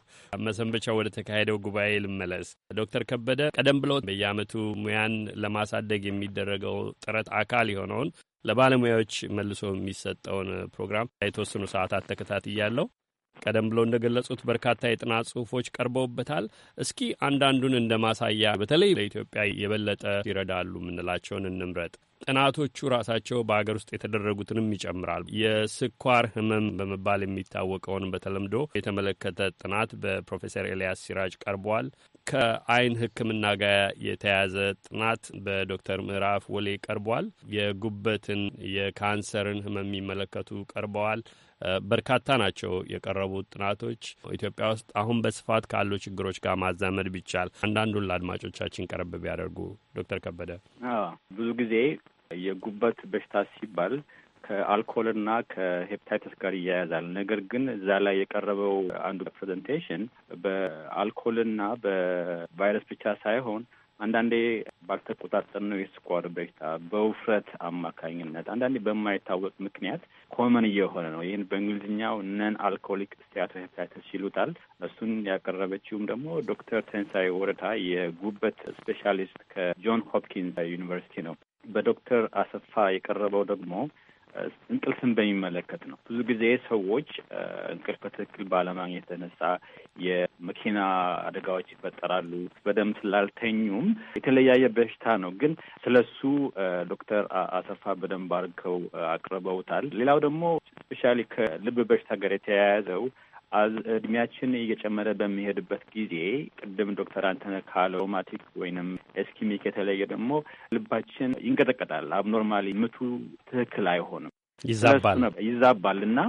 መሰንበቻ ወደ ተካሄደው ጉባኤ ልመለስ። ዶክተር ከበደ ቀደም ብለው በየአመቱ ሙያን ለማሳደግ የሚደረገው ጥረት አካል የሆነውን ለባለሙያዎች መልሶ የሚሰጠውን ፕሮግራም የተወሰኑ ሰዓታት ተከታትያለሁ። ቀደም ብለው እንደገለጹት በርካታ የጥናት ጽሁፎች ቀርበውበታል። እስኪ አንዳንዱን እንደ ማሳያ በተለይ ለኢትዮጵያ የበለጠ ይረዳሉ የምንላቸውን እንምረጥ። ጥናቶቹ ራሳቸው በሀገር ውስጥ የተደረጉትንም ይጨምራል። የስኳር ህመም በመባል የሚታወቀውን በተለምዶ የተመለከተ ጥናት በፕሮፌሰር ኤልያስ ሲራጅ ቀርቧል። ከአይን ሕክምና ጋር የተያያዘ ጥናት በዶክተር ምዕራፍ ወሌ ቀርቧል። የጉበትን የካንሰርን ህመም የሚመለከቱ ቀርበዋል። በርካታ ናቸው የቀረቡት ጥናቶች። ኢትዮጵያ ውስጥ አሁን በስፋት ካሉ ችግሮች ጋር ማዛመድ ቢቻል አንዳንዱን ለአድማጮቻችን ቀረብ ቢያደርጉ። ዶክተር ከበደ ብዙ ጊዜ የጉበት በሽታ ሲባል ከአልኮልና ከሄፕታይተስ ጋር ይያያዛል። ነገር ግን እዛ ላይ የቀረበው አንዱ ፕሬዘንቴሽን በአልኮልና በቫይረስ ብቻ ሳይሆን አንዳንዴ ነው የስኳር በሽታ፣ በውፍረት አማካኝነት አንዳንዴ በማይታወቅ ምክንያት ኮመን እየሆነ ነው። ይህን በእንግሊዝኛው ነን አልኮሊክ ስቲያቶሄፓታይተስ ይሉታል። እሱን ያቀረበችውም ደግሞ ዶክተር ተንሳይ ወረታ የጉበት ስፔሻሊስት ከጆን ሆፕኪንስ ዩኒቨርሲቲ ነው። በዶክተር አሰፋ የቀረበው ደግሞ እንቅልፍን በሚመለከት ነው። ብዙ ጊዜ ሰዎች እንቅልፍ በትክክል ባለማግኘት የተነሳ የመኪና አደጋዎች ይፈጠራሉ። በደንብ ስላልተኙም የተለያየ በሽታ ነው። ግን ስለሱ ዶክተር አሰፋ በደንብ አድርገው አቅርበውታል። ሌላው ደግሞ ስፔሻሊ ከልብ በሽታ ጋር የተያያዘው እድሜያችን እየጨመረ በሚሄድበት ጊዜ ቅድም ዶክተር አንተነ ካሎማቲክ ወይንም ኤስኪሚክ የተለየ ደግሞ ልባችን ይንቀጠቀጣል። አብኖርማሊ ምቱ ትክክል አይሆንም። ይዛባል ይዛባል እና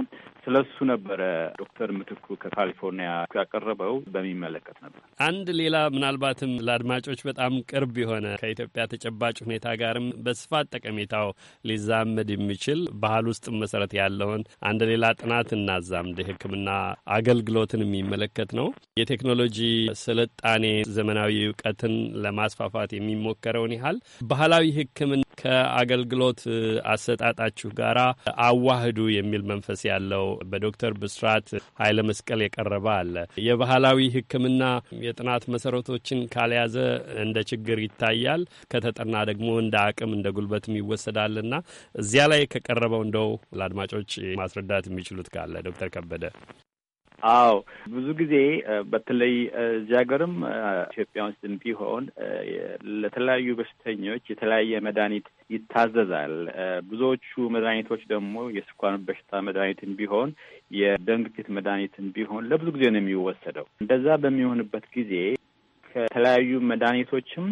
ስለሱ ነበረ ዶክተር ምትኩ ከካሊፎርኒያ ያቀረበው በሚመለከት ነበር። አንድ ሌላ ምናልባትም ለአድማጮች በጣም ቅርብ የሆነ ከኢትዮጵያ ተጨባጭ ሁኔታ ጋርም በስፋት ጠቀሜታው ሊዛመድ የሚችል ባህል ውስጥ መሰረት ያለውን አንድ ሌላ ጥናት እናዛምድ ሕክምና አገልግሎትን የሚመለከት ነው። የቴክኖሎጂ ስልጣኔ ዘመናዊ እውቀትን ለማስፋፋት የሚሞከረውን ያህል ባህላዊ ሕክምና ከአገልግሎት አሰጣጣችሁ ጋራ አዋህዱ የሚል መንፈስ ያለው በዶክተር ብስራት ኃይለ መስቀል የቀረበ አለ። የባህላዊ ሕክምና የጥናት መሰረቶችን ካልያዘ እንደ ችግር ይታያል፣ ከተጠና ደግሞ እንደ አቅም እንደ ጉልበትም ይወሰዳልና እዚያ ላይ ከቀረበው እንደው ለአድማጮች ማስረዳት የሚችሉት ካለ ዶክተር ከበደ አዎ ብዙ ጊዜ በተለይ እዚህ ሀገርም ኢትዮጵያ ውስጥ ቢሆን ለተለያዩ በሽተኞች የተለያየ መድኃኒት ይታዘዛል። ብዙዎቹ መድኃኒቶች ደግሞ የስኳር በሽታ መድኃኒትን ቢሆን የደም ግፊት መድኃኒትን ቢሆን ለብዙ ጊዜ ነው የሚወሰደው። እንደዛ በሚሆንበት ጊዜ ከተለያዩ መድኃኒቶችም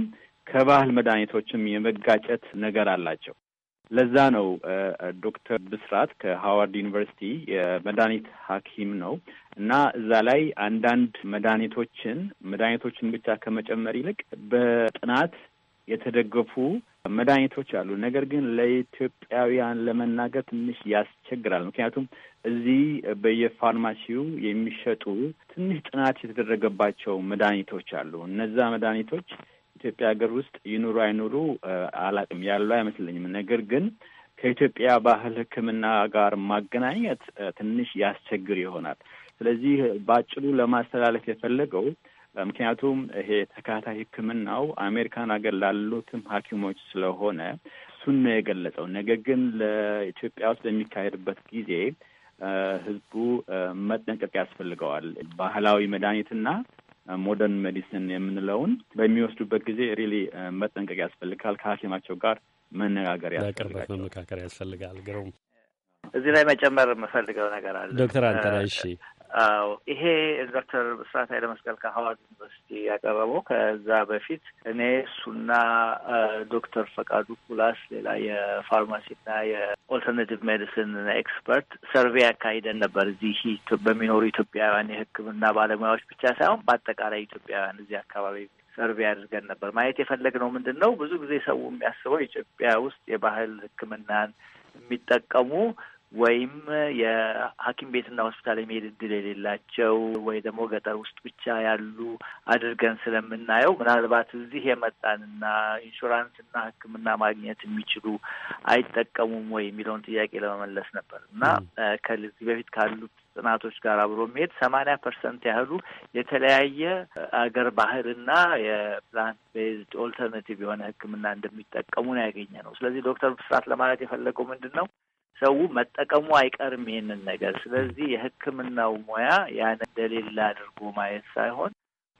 ከባህል መድኃኒቶችም የመጋጨት ነገር አላቸው። ለዛ ነው ዶክተር ብስራት ከሃዋርድ ዩኒቨርሲቲ የመድኃኒት ሐኪም ነው እና እዛ ላይ አንዳንድ መድኃኒቶችን መድኃኒቶችን ብቻ ከመጨመር ይልቅ በጥናት የተደገፉ መድኃኒቶች አሉ። ነገር ግን ለኢትዮጵያውያን ለመናገር ትንሽ ያስቸግራል። ምክንያቱም እዚህ በየፋርማሲው የሚሸጡ ትንሽ ጥናት የተደረገባቸው መድኃኒቶች አሉ። እነዛ መድኃኒቶች ኢትዮጵያ ሀገር ውስጥ ይኑሩ አይኑሩ አላቅም ያሉ አይመስለኝም። ነገር ግን ከኢትዮጵያ ባህል ሕክምና ጋር ማገናኘት ትንሽ ያስቸግር ይሆናል። ስለዚህ በአጭሩ ለማስተላለፍ የፈለገው ምክንያቱም ይሄ ተካታይ ሕክምናው አሜሪካን ሀገር ላሉትም ሐኪሞች ስለሆነ እሱን ነው የገለጸው። ነገር ግን ለኢትዮጵያ ውስጥ በሚካሄድበት ጊዜ ህዝቡ መጠንቀቅ ያስፈልገዋል። ባህላዊ መድኃኒትና ሞደርን ሜዲሲን የምንለውን በሚወስዱበት ጊዜ ሪሊ መጠንቀቅ ያስፈልጋል። ከሐኪማቸው ጋር መነጋገር ያስፈልጋል፣ መመካከር ያስፈልጋል። ግሩም እዚህ ላይ መጨመር የምፈልገው ነገር አለ ዶክተር አንተነህ እሺ ይሄ ዶክተር ብስራት ኃይለመስቀል ከሀዋርድ ዩኒቨርሲቲ ያቀረበው ከዛ በፊት እኔ እሱና ዶክተር ፈቃዱ ኩላስ ሌላ የፋርማሲና የኦልተርናቲቭ ሜዲሲን ኤክስፐርት ሰርቬ ያካሂደን ነበር እዚህ በሚኖሩ ኢትዮጵያውያን የሕክምና ባለሙያዎች ብቻ ሳይሆን በአጠቃላይ ኢትዮጵያውያን እዚህ አካባቢ ሰርቬ አድርገን ነበር። ማየት የፈለግነው ምንድን ነው ብዙ ጊዜ ሰው የሚያስበው ኢትዮጵያ ውስጥ የባህል ሕክምናን የሚጠቀሙ ወይም የሐኪም ቤትና ሆስፒታል የሚሄድ እድል የሌላቸው ወይ ደግሞ ገጠር ውስጥ ብቻ ያሉ አድርገን ስለምናየው ምናልባት እዚህ የመጣንና ኢንሹራንስና ሕክምና ማግኘት የሚችሉ አይጠቀሙም ወይ የሚለውን ጥያቄ ለመመለስ ነበር እና ከዚህ በፊት ካሉት ጥናቶች ጋር አብሮ የሚሄድ ሰማንያ ፐርሰንት ያህሉ የተለያየ አገር ባህልና የፕላንት ቤዝድ ኦልተርናቲቭ የሆነ ሕክምና እንደሚጠቀሙ ነው ያገኘ ነው። ስለዚህ ዶክተር ብስራት ለማለት የፈለገው ምንድን ነው ሰው መጠቀሙ አይቀርም ይሄንን ነገር። ስለዚህ የሕክምናው ሙያ ያን እንደሌለ አድርጎ ማየት ሳይሆን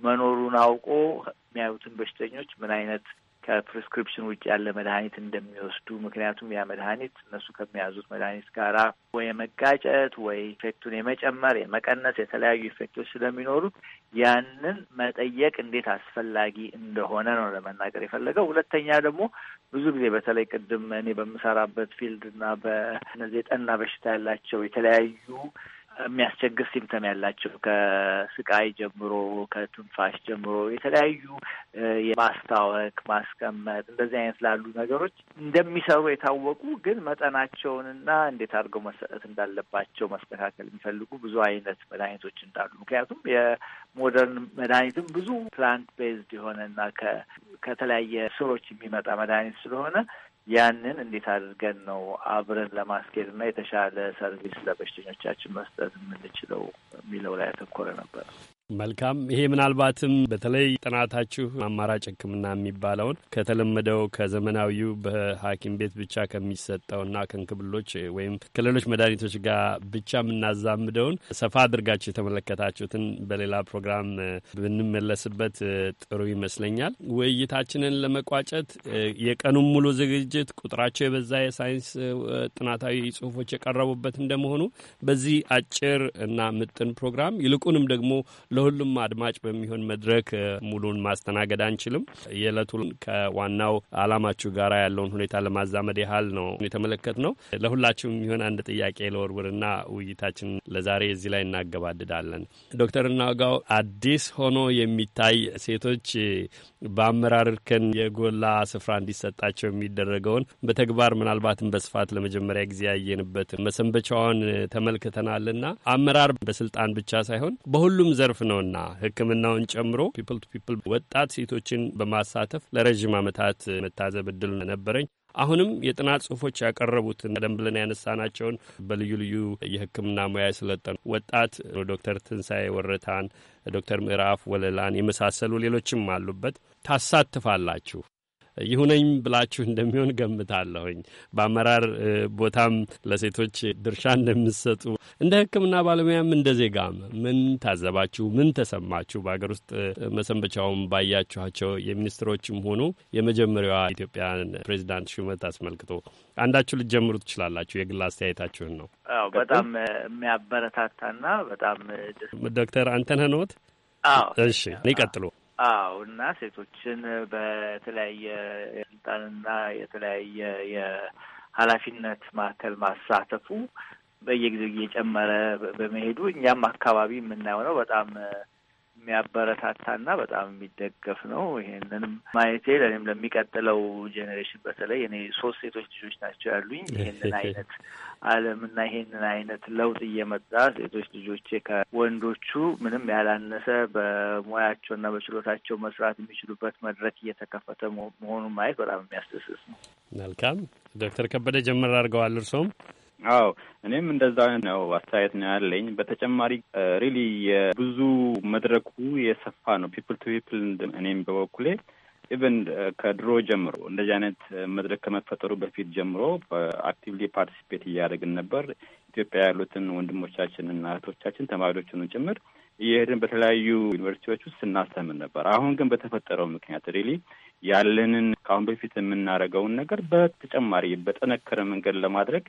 መኖሩን አውቆ የሚያዩትን በሽተኞች ምን አይነት ከፕሪስክሪፕሽን ውጭ ያለ መድኃኒት እንደሚወስዱ ምክንያቱም ያ መድኃኒት እነሱ ከሚያዙት መድኃኒት ጋር ወይ የመጋጨት ወይ ኢፌክቱን የመጨመር የመቀነስ የተለያዩ ኢፌክቶች ስለሚኖሩት ያንን መጠየቅ እንዴት አስፈላጊ እንደሆነ ነው ለመናገር የፈለገው። ሁለተኛ ደግሞ ብዙ ጊዜ በተለይ ቅድም እኔ በምሰራበት ፊልድ እና በእነዚህ የጠና በሽታ ያላቸው የተለያዩ የሚያስቸግር ሲምተም ያላቸው ከስቃይ ጀምሮ ከትንፋሽ ጀምሮ የተለያዩ የማስታወክ ማስቀመጥ እንደዚህ አይነት ላሉ ነገሮች እንደሚሰሩ የታወቁ ግን መጠናቸውንና እንዴት አድርገው መሰጠት እንዳለባቸው መስተካከል የሚፈልጉ ብዙ አይነት መድኃኒቶች እንዳሉ ምክንያቱም የሞደርን መድኃኒትም ብዙ ፕላንት ቤዝድ የሆነና ከተለያየ ስሮች የሚመጣ መድኃኒት ስለሆነ ያንን እንዴት አድርገን ነው አብረን ለማስኬድ እና የተሻለ ሰርቪስ ለበሽተኞቻችን መስጠት የምንችለው የሚለው ላይ ያተኮረ ነበር። መልካም። ይሄ ምናልባትም በተለይ ጥናታችሁ አማራጭ ሕክምና የሚባለውን ከተለመደው ከዘመናዊው በሐኪም ቤት ብቻ ከሚሰጠውና ከንክብሎች ወይም ከሌሎች መድኃኒቶች ጋር ብቻ የምናዛምደውን ሰፋ አድርጋችሁ የተመለከታችሁትን በሌላ ፕሮግራም ብንመለስበት ጥሩ ይመስለኛል። ውይይታችንን ለመቋጨት የቀኑን ሙሉ ዝግጅት ቁጥራቸው የበዛ የሳይንስ ጥናታዊ ጽሁፎች የቀረቡበት እንደመሆኑ በዚህ አጭር እና ምጥን ፕሮግራም ይልቁንም ደግሞ ለሁሉም አድማጭ በሚሆን መድረክ ሙሉን ማስተናገድ አንችልም። የዕለቱን ከዋናው አላማችሁ ጋር ያለውን ሁኔታ ለማዛመድ ያህል ነው የተመለከት ነው። ለሁላችሁም የሚሆን አንድ ጥያቄ ለወርውርና ውይይታችን ለዛሬ እዚህ ላይ እናገባድዳለን። ዶክተር እናውጋው አዲስ ሆኖ የሚታይ ሴቶች በአመራር እርከን የጎላ ስፍራ እንዲሰጣቸው የሚደረገውን በተግባር ምናልባትም በስፋት ለመጀመሪያ ጊዜ ያየንበት መሰንበቻዋን ተመልክተናልና አመራር በስልጣን ብቻ ሳይሆን በሁሉም ዘርፍ ነውና ሕክምናውን ጨምሮ ፒፕል ቱ ፒፕል ወጣት ሴቶችን በማሳተፍ ለረዥም ዓመታት መታዘብ እድል ነበረኝ። አሁንም የጥናት ጽሁፎች ያቀረቡትን ቀደም ብለን ያነሳናቸውን በልዩ ልዩ የህክምና ሙያ የሰለጠኑ ወጣት ዶክተር ትንሣኤ ወረታን፣ ዶክተር ምዕራፍ ወለላን የመሳሰሉ ሌሎችም አሉበት ታሳትፋላችሁ። ይሁነኝ ብላችሁ እንደሚሆን ገምታለሁኝ። በአመራር ቦታም ለሴቶች ድርሻ እንደምትሰጡ እንደ ሕክምና ባለሙያም እንደ ዜጋም ምን ታዘባችሁ? ምን ተሰማችሁ? በሀገር ውስጥ መሰንበቻውም ባያችኋቸው የሚኒስትሮችም ሆኑ የመጀመሪያዋ ኢትዮጵያን ፕሬዚዳንት ሹመት አስመልክቶ አንዳችሁ ልትጀምሩ ትችላላችሁ። የግል አስተያየታችሁን ነው። አዎ በጣም የሚያበረታታና በጣም ዶክተር አንተነህ ኖት። እሺ ይቀጥሉ። አዎ እና ሴቶችን በተለያየ የስልጣንና የተለያየ የኃላፊነት ማዕከል ማሳተፉ በየጊዜው እየጨመረ በመሄዱ እኛም አካባቢ የምናየው ነው በጣም የሚያበረታታና በጣም የሚደገፍ ነው። ይሄንንም ማየቴ ለእኔም ለሚቀጥለው ጄኔሬሽን በተለይ እኔ ሶስት ሴቶች ልጆች ናቸው ያሉኝ ይሄንን አይነት ዓለምና ይሄንን አይነት ለውጥ እየመጣ ሴቶች ልጆቼ ከወንዶቹ ምንም ያላነሰ በሙያቸውና በችሎታቸው መስራት የሚችሉበት መድረክ እየተከፈተ መሆኑን ማየት በጣም የሚያስደስት ነው። መልካም ዶክተር ከበደ ጀምር አድርገዋል። እርሶም አዎ እኔም እንደዛ ነው አስተያየት ነው ያለኝ። በተጨማሪ ሪሊ የብዙ መድረኩ የሰፋ ነው ፒፕል ቱ ፒፕል። እኔም በበኩሌ ኢቨን ከድሮ ጀምሮ እንደዚህ አይነት መድረክ ከመፈጠሩ በፊት ጀምሮ በአክቲቭሊ ፓርቲሲፔት እያደረግን ነበር። ኢትዮጵያ ያሉትን ወንድሞቻችንና እህቶቻችን ተማሪዎችን ጭምር እየሄድን በተለያዩ ዩኒቨርሲቲዎች ውስጥ ስናስተምር ነበር። አሁን ግን በተፈጠረው ምክንያት ሪሊ ያለንን ከአሁን በፊት የምናደርገውን ነገር በተጨማሪ በጠነከረ መንገድ ለማድረግ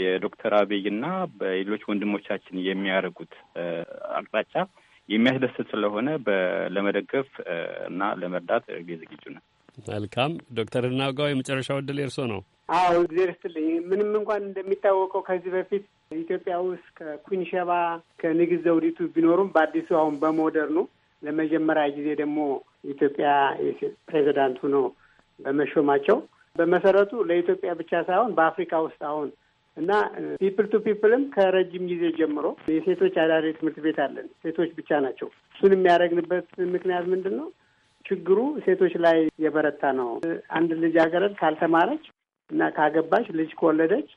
የዶክተር አብይና በሌሎች ወንድሞቻችን የሚያደርጉት አቅጣጫ የሚያስደስት ስለሆነ ለመደገፍ እና ለመርዳት ዝግጁ ነን። መልካም ዶክተር እናውጋው የመጨረሻው ዕድል የእርሶ ነው። አዎ እግዜር ይስጥልኝ። ምንም እንኳን እንደሚታወቀው ከዚህ በፊት ኢትዮጵያ ውስጥ ከኩን ሸባ ከንግስት ዘውዲቱ ቢኖሩም በአዲሱ አሁን በሞደርኑ ለመጀመሪያ ጊዜ ደግሞ የኢትዮጵያ ፕሬዚዳንት ሆኖ በመሾማቸው በመሰረቱ ለኢትዮጵያ ብቻ ሳይሆን በአፍሪካ ውስጥ አሁን እና ፒፕል ቱ ፒፕልም ከረጅም ጊዜ ጀምሮ የሴቶች አዳሪ ትምህርት ቤት አለን። ሴቶች ብቻ ናቸው። እሱን የሚያደርግንበት ምክንያት ምንድን ነው? ችግሩ ሴቶች ላይ የበረታ ነው። አንድ ልጃገረድ ካልተማረች እና ካገባች ልጅ ከወለደች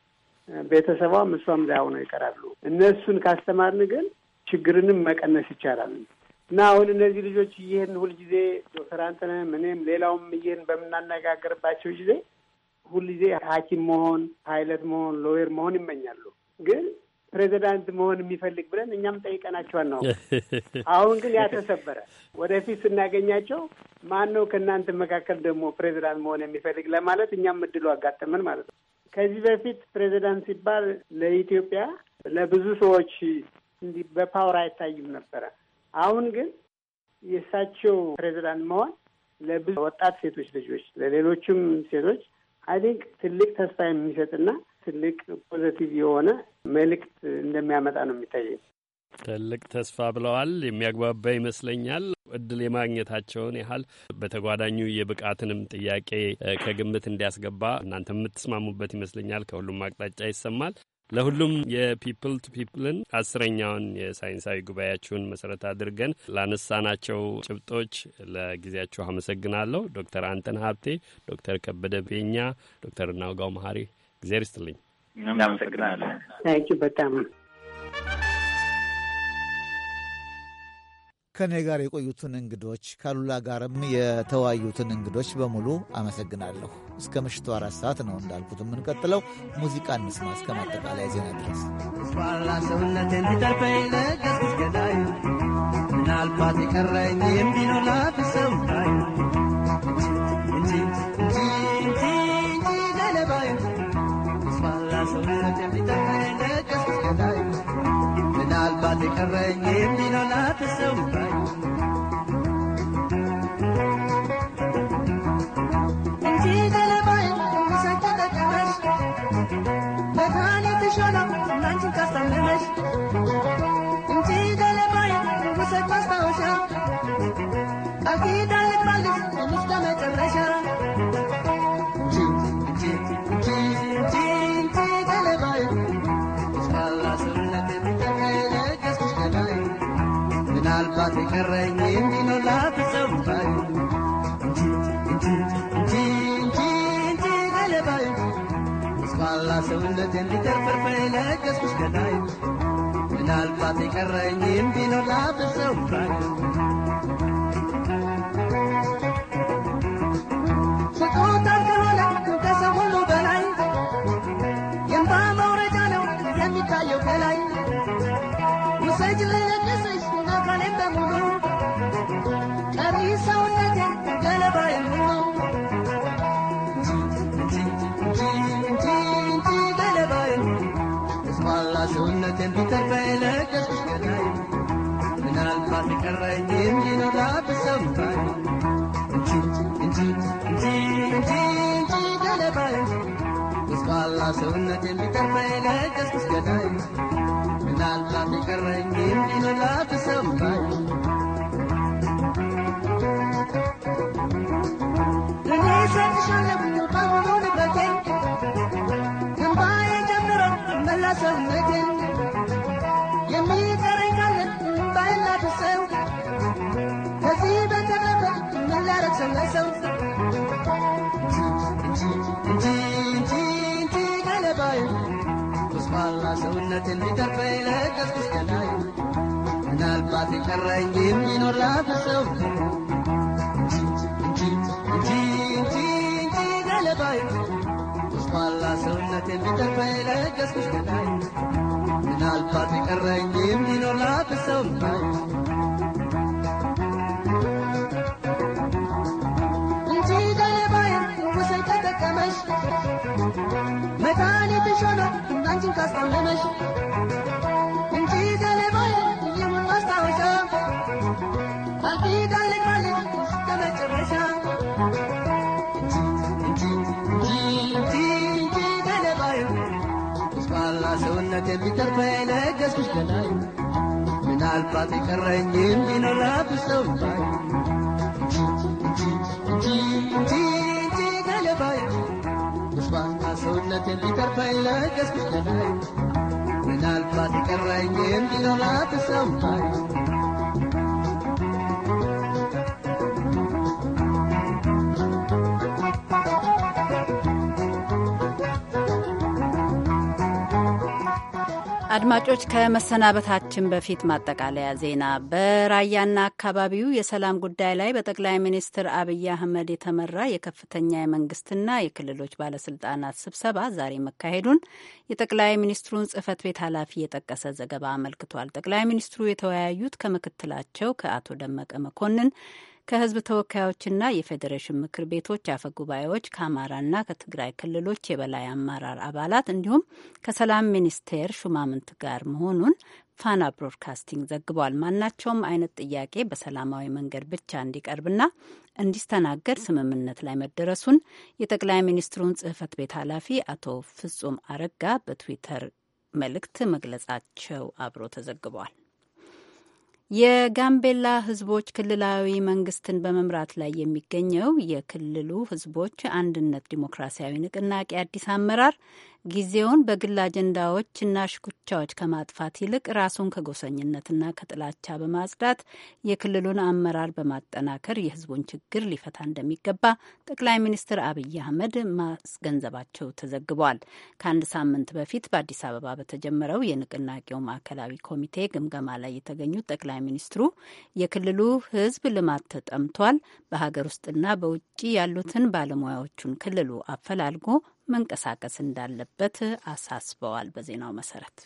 ቤተሰቧም እሷም ሆነው ይቀራሉ። እነሱን ካስተማርን ግን ችግርንም መቀነስ ይቻላል። እና አሁን እነዚህ ልጆች ይህን ሁልጊዜ ዶክተር አንተነህም እኔም ሌላውም ይህን በምናነጋገርባቸው ጊዜ ሁልጊዜ ሐኪም መሆን ፓይለት መሆን ሎየር መሆን ይመኛሉ ግን ፕሬዚዳንት መሆን የሚፈልግ ብለን እኛም ጠይቀናቸዋል ነው። [laughs] አሁን ግን ያተሰበረ ወደፊት ስናገኛቸው ማን ነው ከእናንተ መካከል ደግሞ ፕሬዚዳንት መሆን የሚፈልግ ለማለት እኛም እድሉ አጋጠመን ማለት ነው። ከዚህ በፊት ፕሬዚዳንት ሲባል ለኢትዮጵያ ለብዙ ሰዎች እንዲህ በፓወር አይታይም ነበረ። አሁን ግን የእሳቸው ፕሬዚዳንት መሆን ለብዙ ወጣት ሴቶች ልጆች፣ ለሌሎችም ሴቶች አይንክ ትልቅ ተስፋ የሚሰጥና ትልቅ ፖዘቲቭ የሆነ መልእክት እንደሚያመጣ ነው የሚታየኝ። ትልቅ ተስፋ ብለዋል። የሚያግባባ ይመስለኛል። እድል የማግኘታቸውን ያህል በተጓዳኙ የብቃትንም ጥያቄ ከግምት እንዲያስገባ እናንተ የምትስማሙበት ይመስለኛል። ከሁሉም አቅጣጫ ይሰማል። ለሁሉም የፒፕል ቱ ፒፕልን አስረኛውን የሳይንሳዊ ጉባኤያችሁን መሰረት አድርገን ላነሳናቸው ጭብጦች ለጊዜያችሁ አመሰግናለሁ። ዶክተር አንተን ሀብቴ፣ ዶክተር ከበደ ቤኛ፣ ዶክተር እናውጋው መሀሪ እግዜር ይስጥልኝ። እናመሰግናለን። በጣም ከእኔ ጋር የቆዩትን እንግዶች ካሉላ ጋርም የተወያዩትን እንግዶች በሙሉ አመሰግናለሁ። እስከ ምሽቱ አራት ሰዓት ነው እንዳልኩት የምንቀጥለው። ሙዚቃ እንስማ እስከ ማጠቃለያ ዜና ድረስ። ሰውነት እንዲጠርፈኝ ምናልባት የቀረኝ የሚኖላ ሰው አከበኝ የሚለው ላትሰማኝ እንጂ ገለባይ ሰንተ ተቀበሽ በታኔ ትሾላ አንቺን ካስታመመሽ እንጂ ማስታወሻ አኪዳልባልስ መጨረሻ አባት የቀረኝ የሚለው ላትሰው ባዩ እንጂ እንጂ እንጂ እንጂ እንጂ ገለባዩ ስባላ ሰውነት እንዲተርፈርፈ ለገስኩስ ገዳዩ ምናልባት የቀረኝ የሚለው ላትሰው ባዩ የተርፈኝ ለገስኩሽ ከላይ ምናልባት የቀረኝም እንጂ እንጂ እንጂ የሚተርፈኝ ለቀስ እስከላዩ ምናልባት የቀረኝ የሚኖር ላፈሰው እንጂ እንጂ እንጂ እንጂ ገለባዩ ውስጧላ ሰውነት የሚተርፈኝ ለቀስ እስከላዩ ምናልባት የቀረኝ የሚኖር ላፈሰው ባዩ እንጂ ገለባዩ ውሰይ ተጠቀመሽ anjing kas tam lemash Inchi dale vaya yemun wasta washa Alki dale vale tama chabasha ሰውነት የሚተርፈኝ ነገስኩሽ ገላይ ምናልባት የቀረኝ የሚኖራብ ሰው ባይ ሰውነት የሚተርፍ አይለገስ ምናልባት የቀራኝ እንዲኖራት ሰማኝ አድማጮች ከመሰናበታችን በፊት ማጠቃለያ ዜና። በራያና አካባቢው የሰላም ጉዳይ ላይ በጠቅላይ ሚኒስትር አብይ አህመድ የተመራ የከፍተኛ የመንግስትና የክልሎች ባለስልጣናት ስብሰባ ዛሬ መካሄዱን የጠቅላይ ሚኒስትሩን ጽህፈት ቤት ኃላፊ የጠቀሰ ዘገባ አመልክቷል። ጠቅላይ ሚኒስትሩ የተወያዩት ከምክትላቸው ከአቶ ደመቀ መኮንን ከህዝብ ተወካዮችና የፌዴሬሽን ምክር ቤቶች አፈ ጉባኤዎች ከአማራና ከትግራይ ክልሎች የበላይ አመራር አባላት እንዲሁም ከሰላም ሚኒስቴር ሹማምንት ጋር መሆኑን ፋና ብሮድካስቲንግ ዘግቧል። ማናቸውም አይነት ጥያቄ በሰላማዊ መንገድ ብቻ እንዲቀርብና እንዲስተናገድ ስምምነት ላይ መደረሱን የጠቅላይ ሚኒስትሩን ጽህፈት ቤት ኃላፊ አቶ ፍጹም አረጋ በትዊተር መልእክት መግለጻቸው አብሮ ተዘግቧል። የጋምቤላ ህዝቦች ክልላዊ መንግስትን በመምራት ላይ የሚገኘው የክልሉ ህዝቦች አንድነት ዲሞክራሲያዊ ንቅናቄ አዲስ አመራር ጊዜውን በግል አጀንዳዎችና ሽኩቻዎች ከማጥፋት ይልቅ ራሱን ከጎሰኝነትና ከጥላቻ በማጽዳት የክልሉን አመራር በማጠናከር የሕዝቡን ችግር ሊፈታ እንደሚገባ ጠቅላይ ሚኒስትር አብይ አህመድ ማስገንዘባቸው ተዘግቧል። ከአንድ ሳምንት በፊት በአዲስ አበባ በተጀመረው የንቅናቄው ማዕከላዊ ኮሚቴ ግምገማ ላይ የተገኙት ጠቅላይ ሚኒስትሩ የክልሉ ሕዝብ ልማት ተጠምቷል፣ በሀገር ውስጥና በውጭ ያሉትን ባለሙያዎቹን ክልሉ አፈላልጎ መንቀሳቀስ እንዳለበት አሳስበዋል። በዜናው መሰረት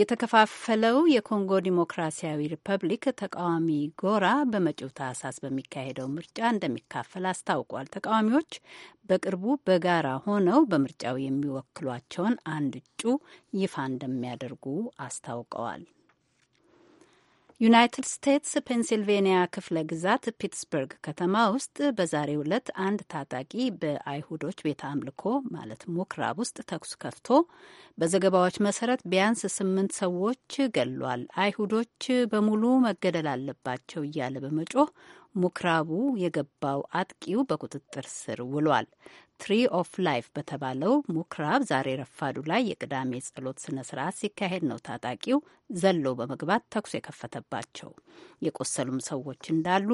የተከፋፈለው የኮንጎ ዲሞክራሲያዊ ሪፐብሊክ ተቃዋሚ ጎራ በመጪው ታህሳስ በሚካሄደው ምርጫ እንደሚካፈል አስታውቋል። ተቃዋሚዎች በቅርቡ በጋራ ሆነው በምርጫው የሚወክሏቸውን አንድ እጩ ይፋ እንደሚያደርጉ አስታውቀዋል። ዩናይትድ ስቴትስ ፔንሲልቬንያ ክፍለ ግዛት ፒትስበርግ ከተማ ውስጥ በዛሬው ዕለት አንድ ታጣቂ በአይሁዶች ቤተ አምልኮ ማለት ምኩራብ ውስጥ ተኩስ ከፍቶ በዘገባዎች መሰረት ቢያንስ ስምንት ሰዎች ገሏል። አይሁዶች በሙሉ መገደል አለባቸው እያለ በመጮህ ሙክራቡ የገባው አጥቂው በቁጥጥር ስር ውሏል። ትሪ ኦፍ ላይፍ በተባለው ሙክራብ ዛሬ ረፋዱ ላይ የቅዳሜ ጸሎት ስነ ስርዓት ሲካሄድ ነው ታጣቂው ዘሎ በመግባት ተኩስ የከፈተባቸው። የቆሰሉም ሰዎች እንዳሉ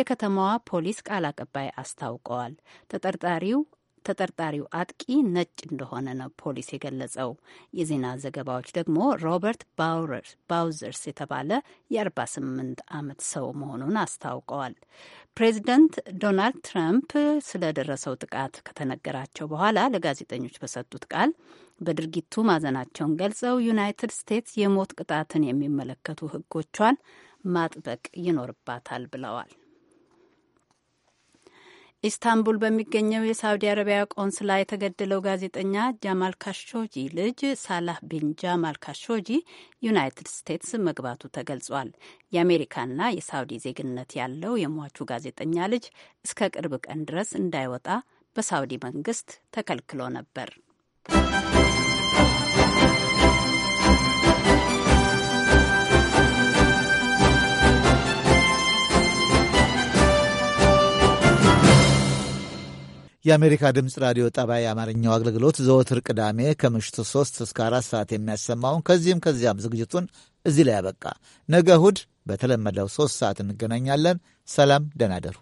የከተማዋ ፖሊስ ቃል አቀባይ አስታውቀዋል። ተጠርጣሪው ተጠርጣሪው አጥቂ ነጭ እንደሆነ ነው ፖሊስ የገለጸው። የዜና ዘገባዎች ደግሞ ሮበርት ባውዘርስ የተባለ የ48 ዓመት ሰው መሆኑን አስታውቀዋል። ፕሬዚደንት ዶናልድ ትራምፕ ስለደረሰው ጥቃት ከተነገራቸው በኋላ ለጋዜጠኞች በሰጡት ቃል በድርጊቱ ማዘናቸውን ገልጸው ዩናይትድ ስቴትስ የሞት ቅጣትን የሚመለከቱ ሕጎቿን ማጥበቅ ይኖርባታል ብለዋል። ኢስታንቡል በሚገኘው የሳውዲ አረቢያ ቆንስላ የተገደለው ጋዜጠኛ ጃማል ካሾጂ ልጅ ሳላህ ቢን ጃማል ካሾጂ ዩናይትድ ስቴትስ መግባቱ ተገልጿል። የአሜሪካና የሳውዲ ዜግነት ያለው የሟቹ ጋዜጠኛ ልጅ እስከ ቅርብ ቀን ድረስ እንዳይወጣ በሳውዲ መንግስት ተከልክሎ ነበር። የአሜሪካ ድምፅ ራዲዮ ጣቢያ የአማርኛው አገልግሎት ዘወትር ቅዳሜ ከምሽቱ 3 እስከ 4 ሰዓት የሚያሰማውን ከዚህም ከዚያም ዝግጅቱን እዚህ ላይ ያበቃ። ነገ እሁድ በተለመደው 3 ሰዓት እንገናኛለን። ሰላም፣ ደህና ደሩ።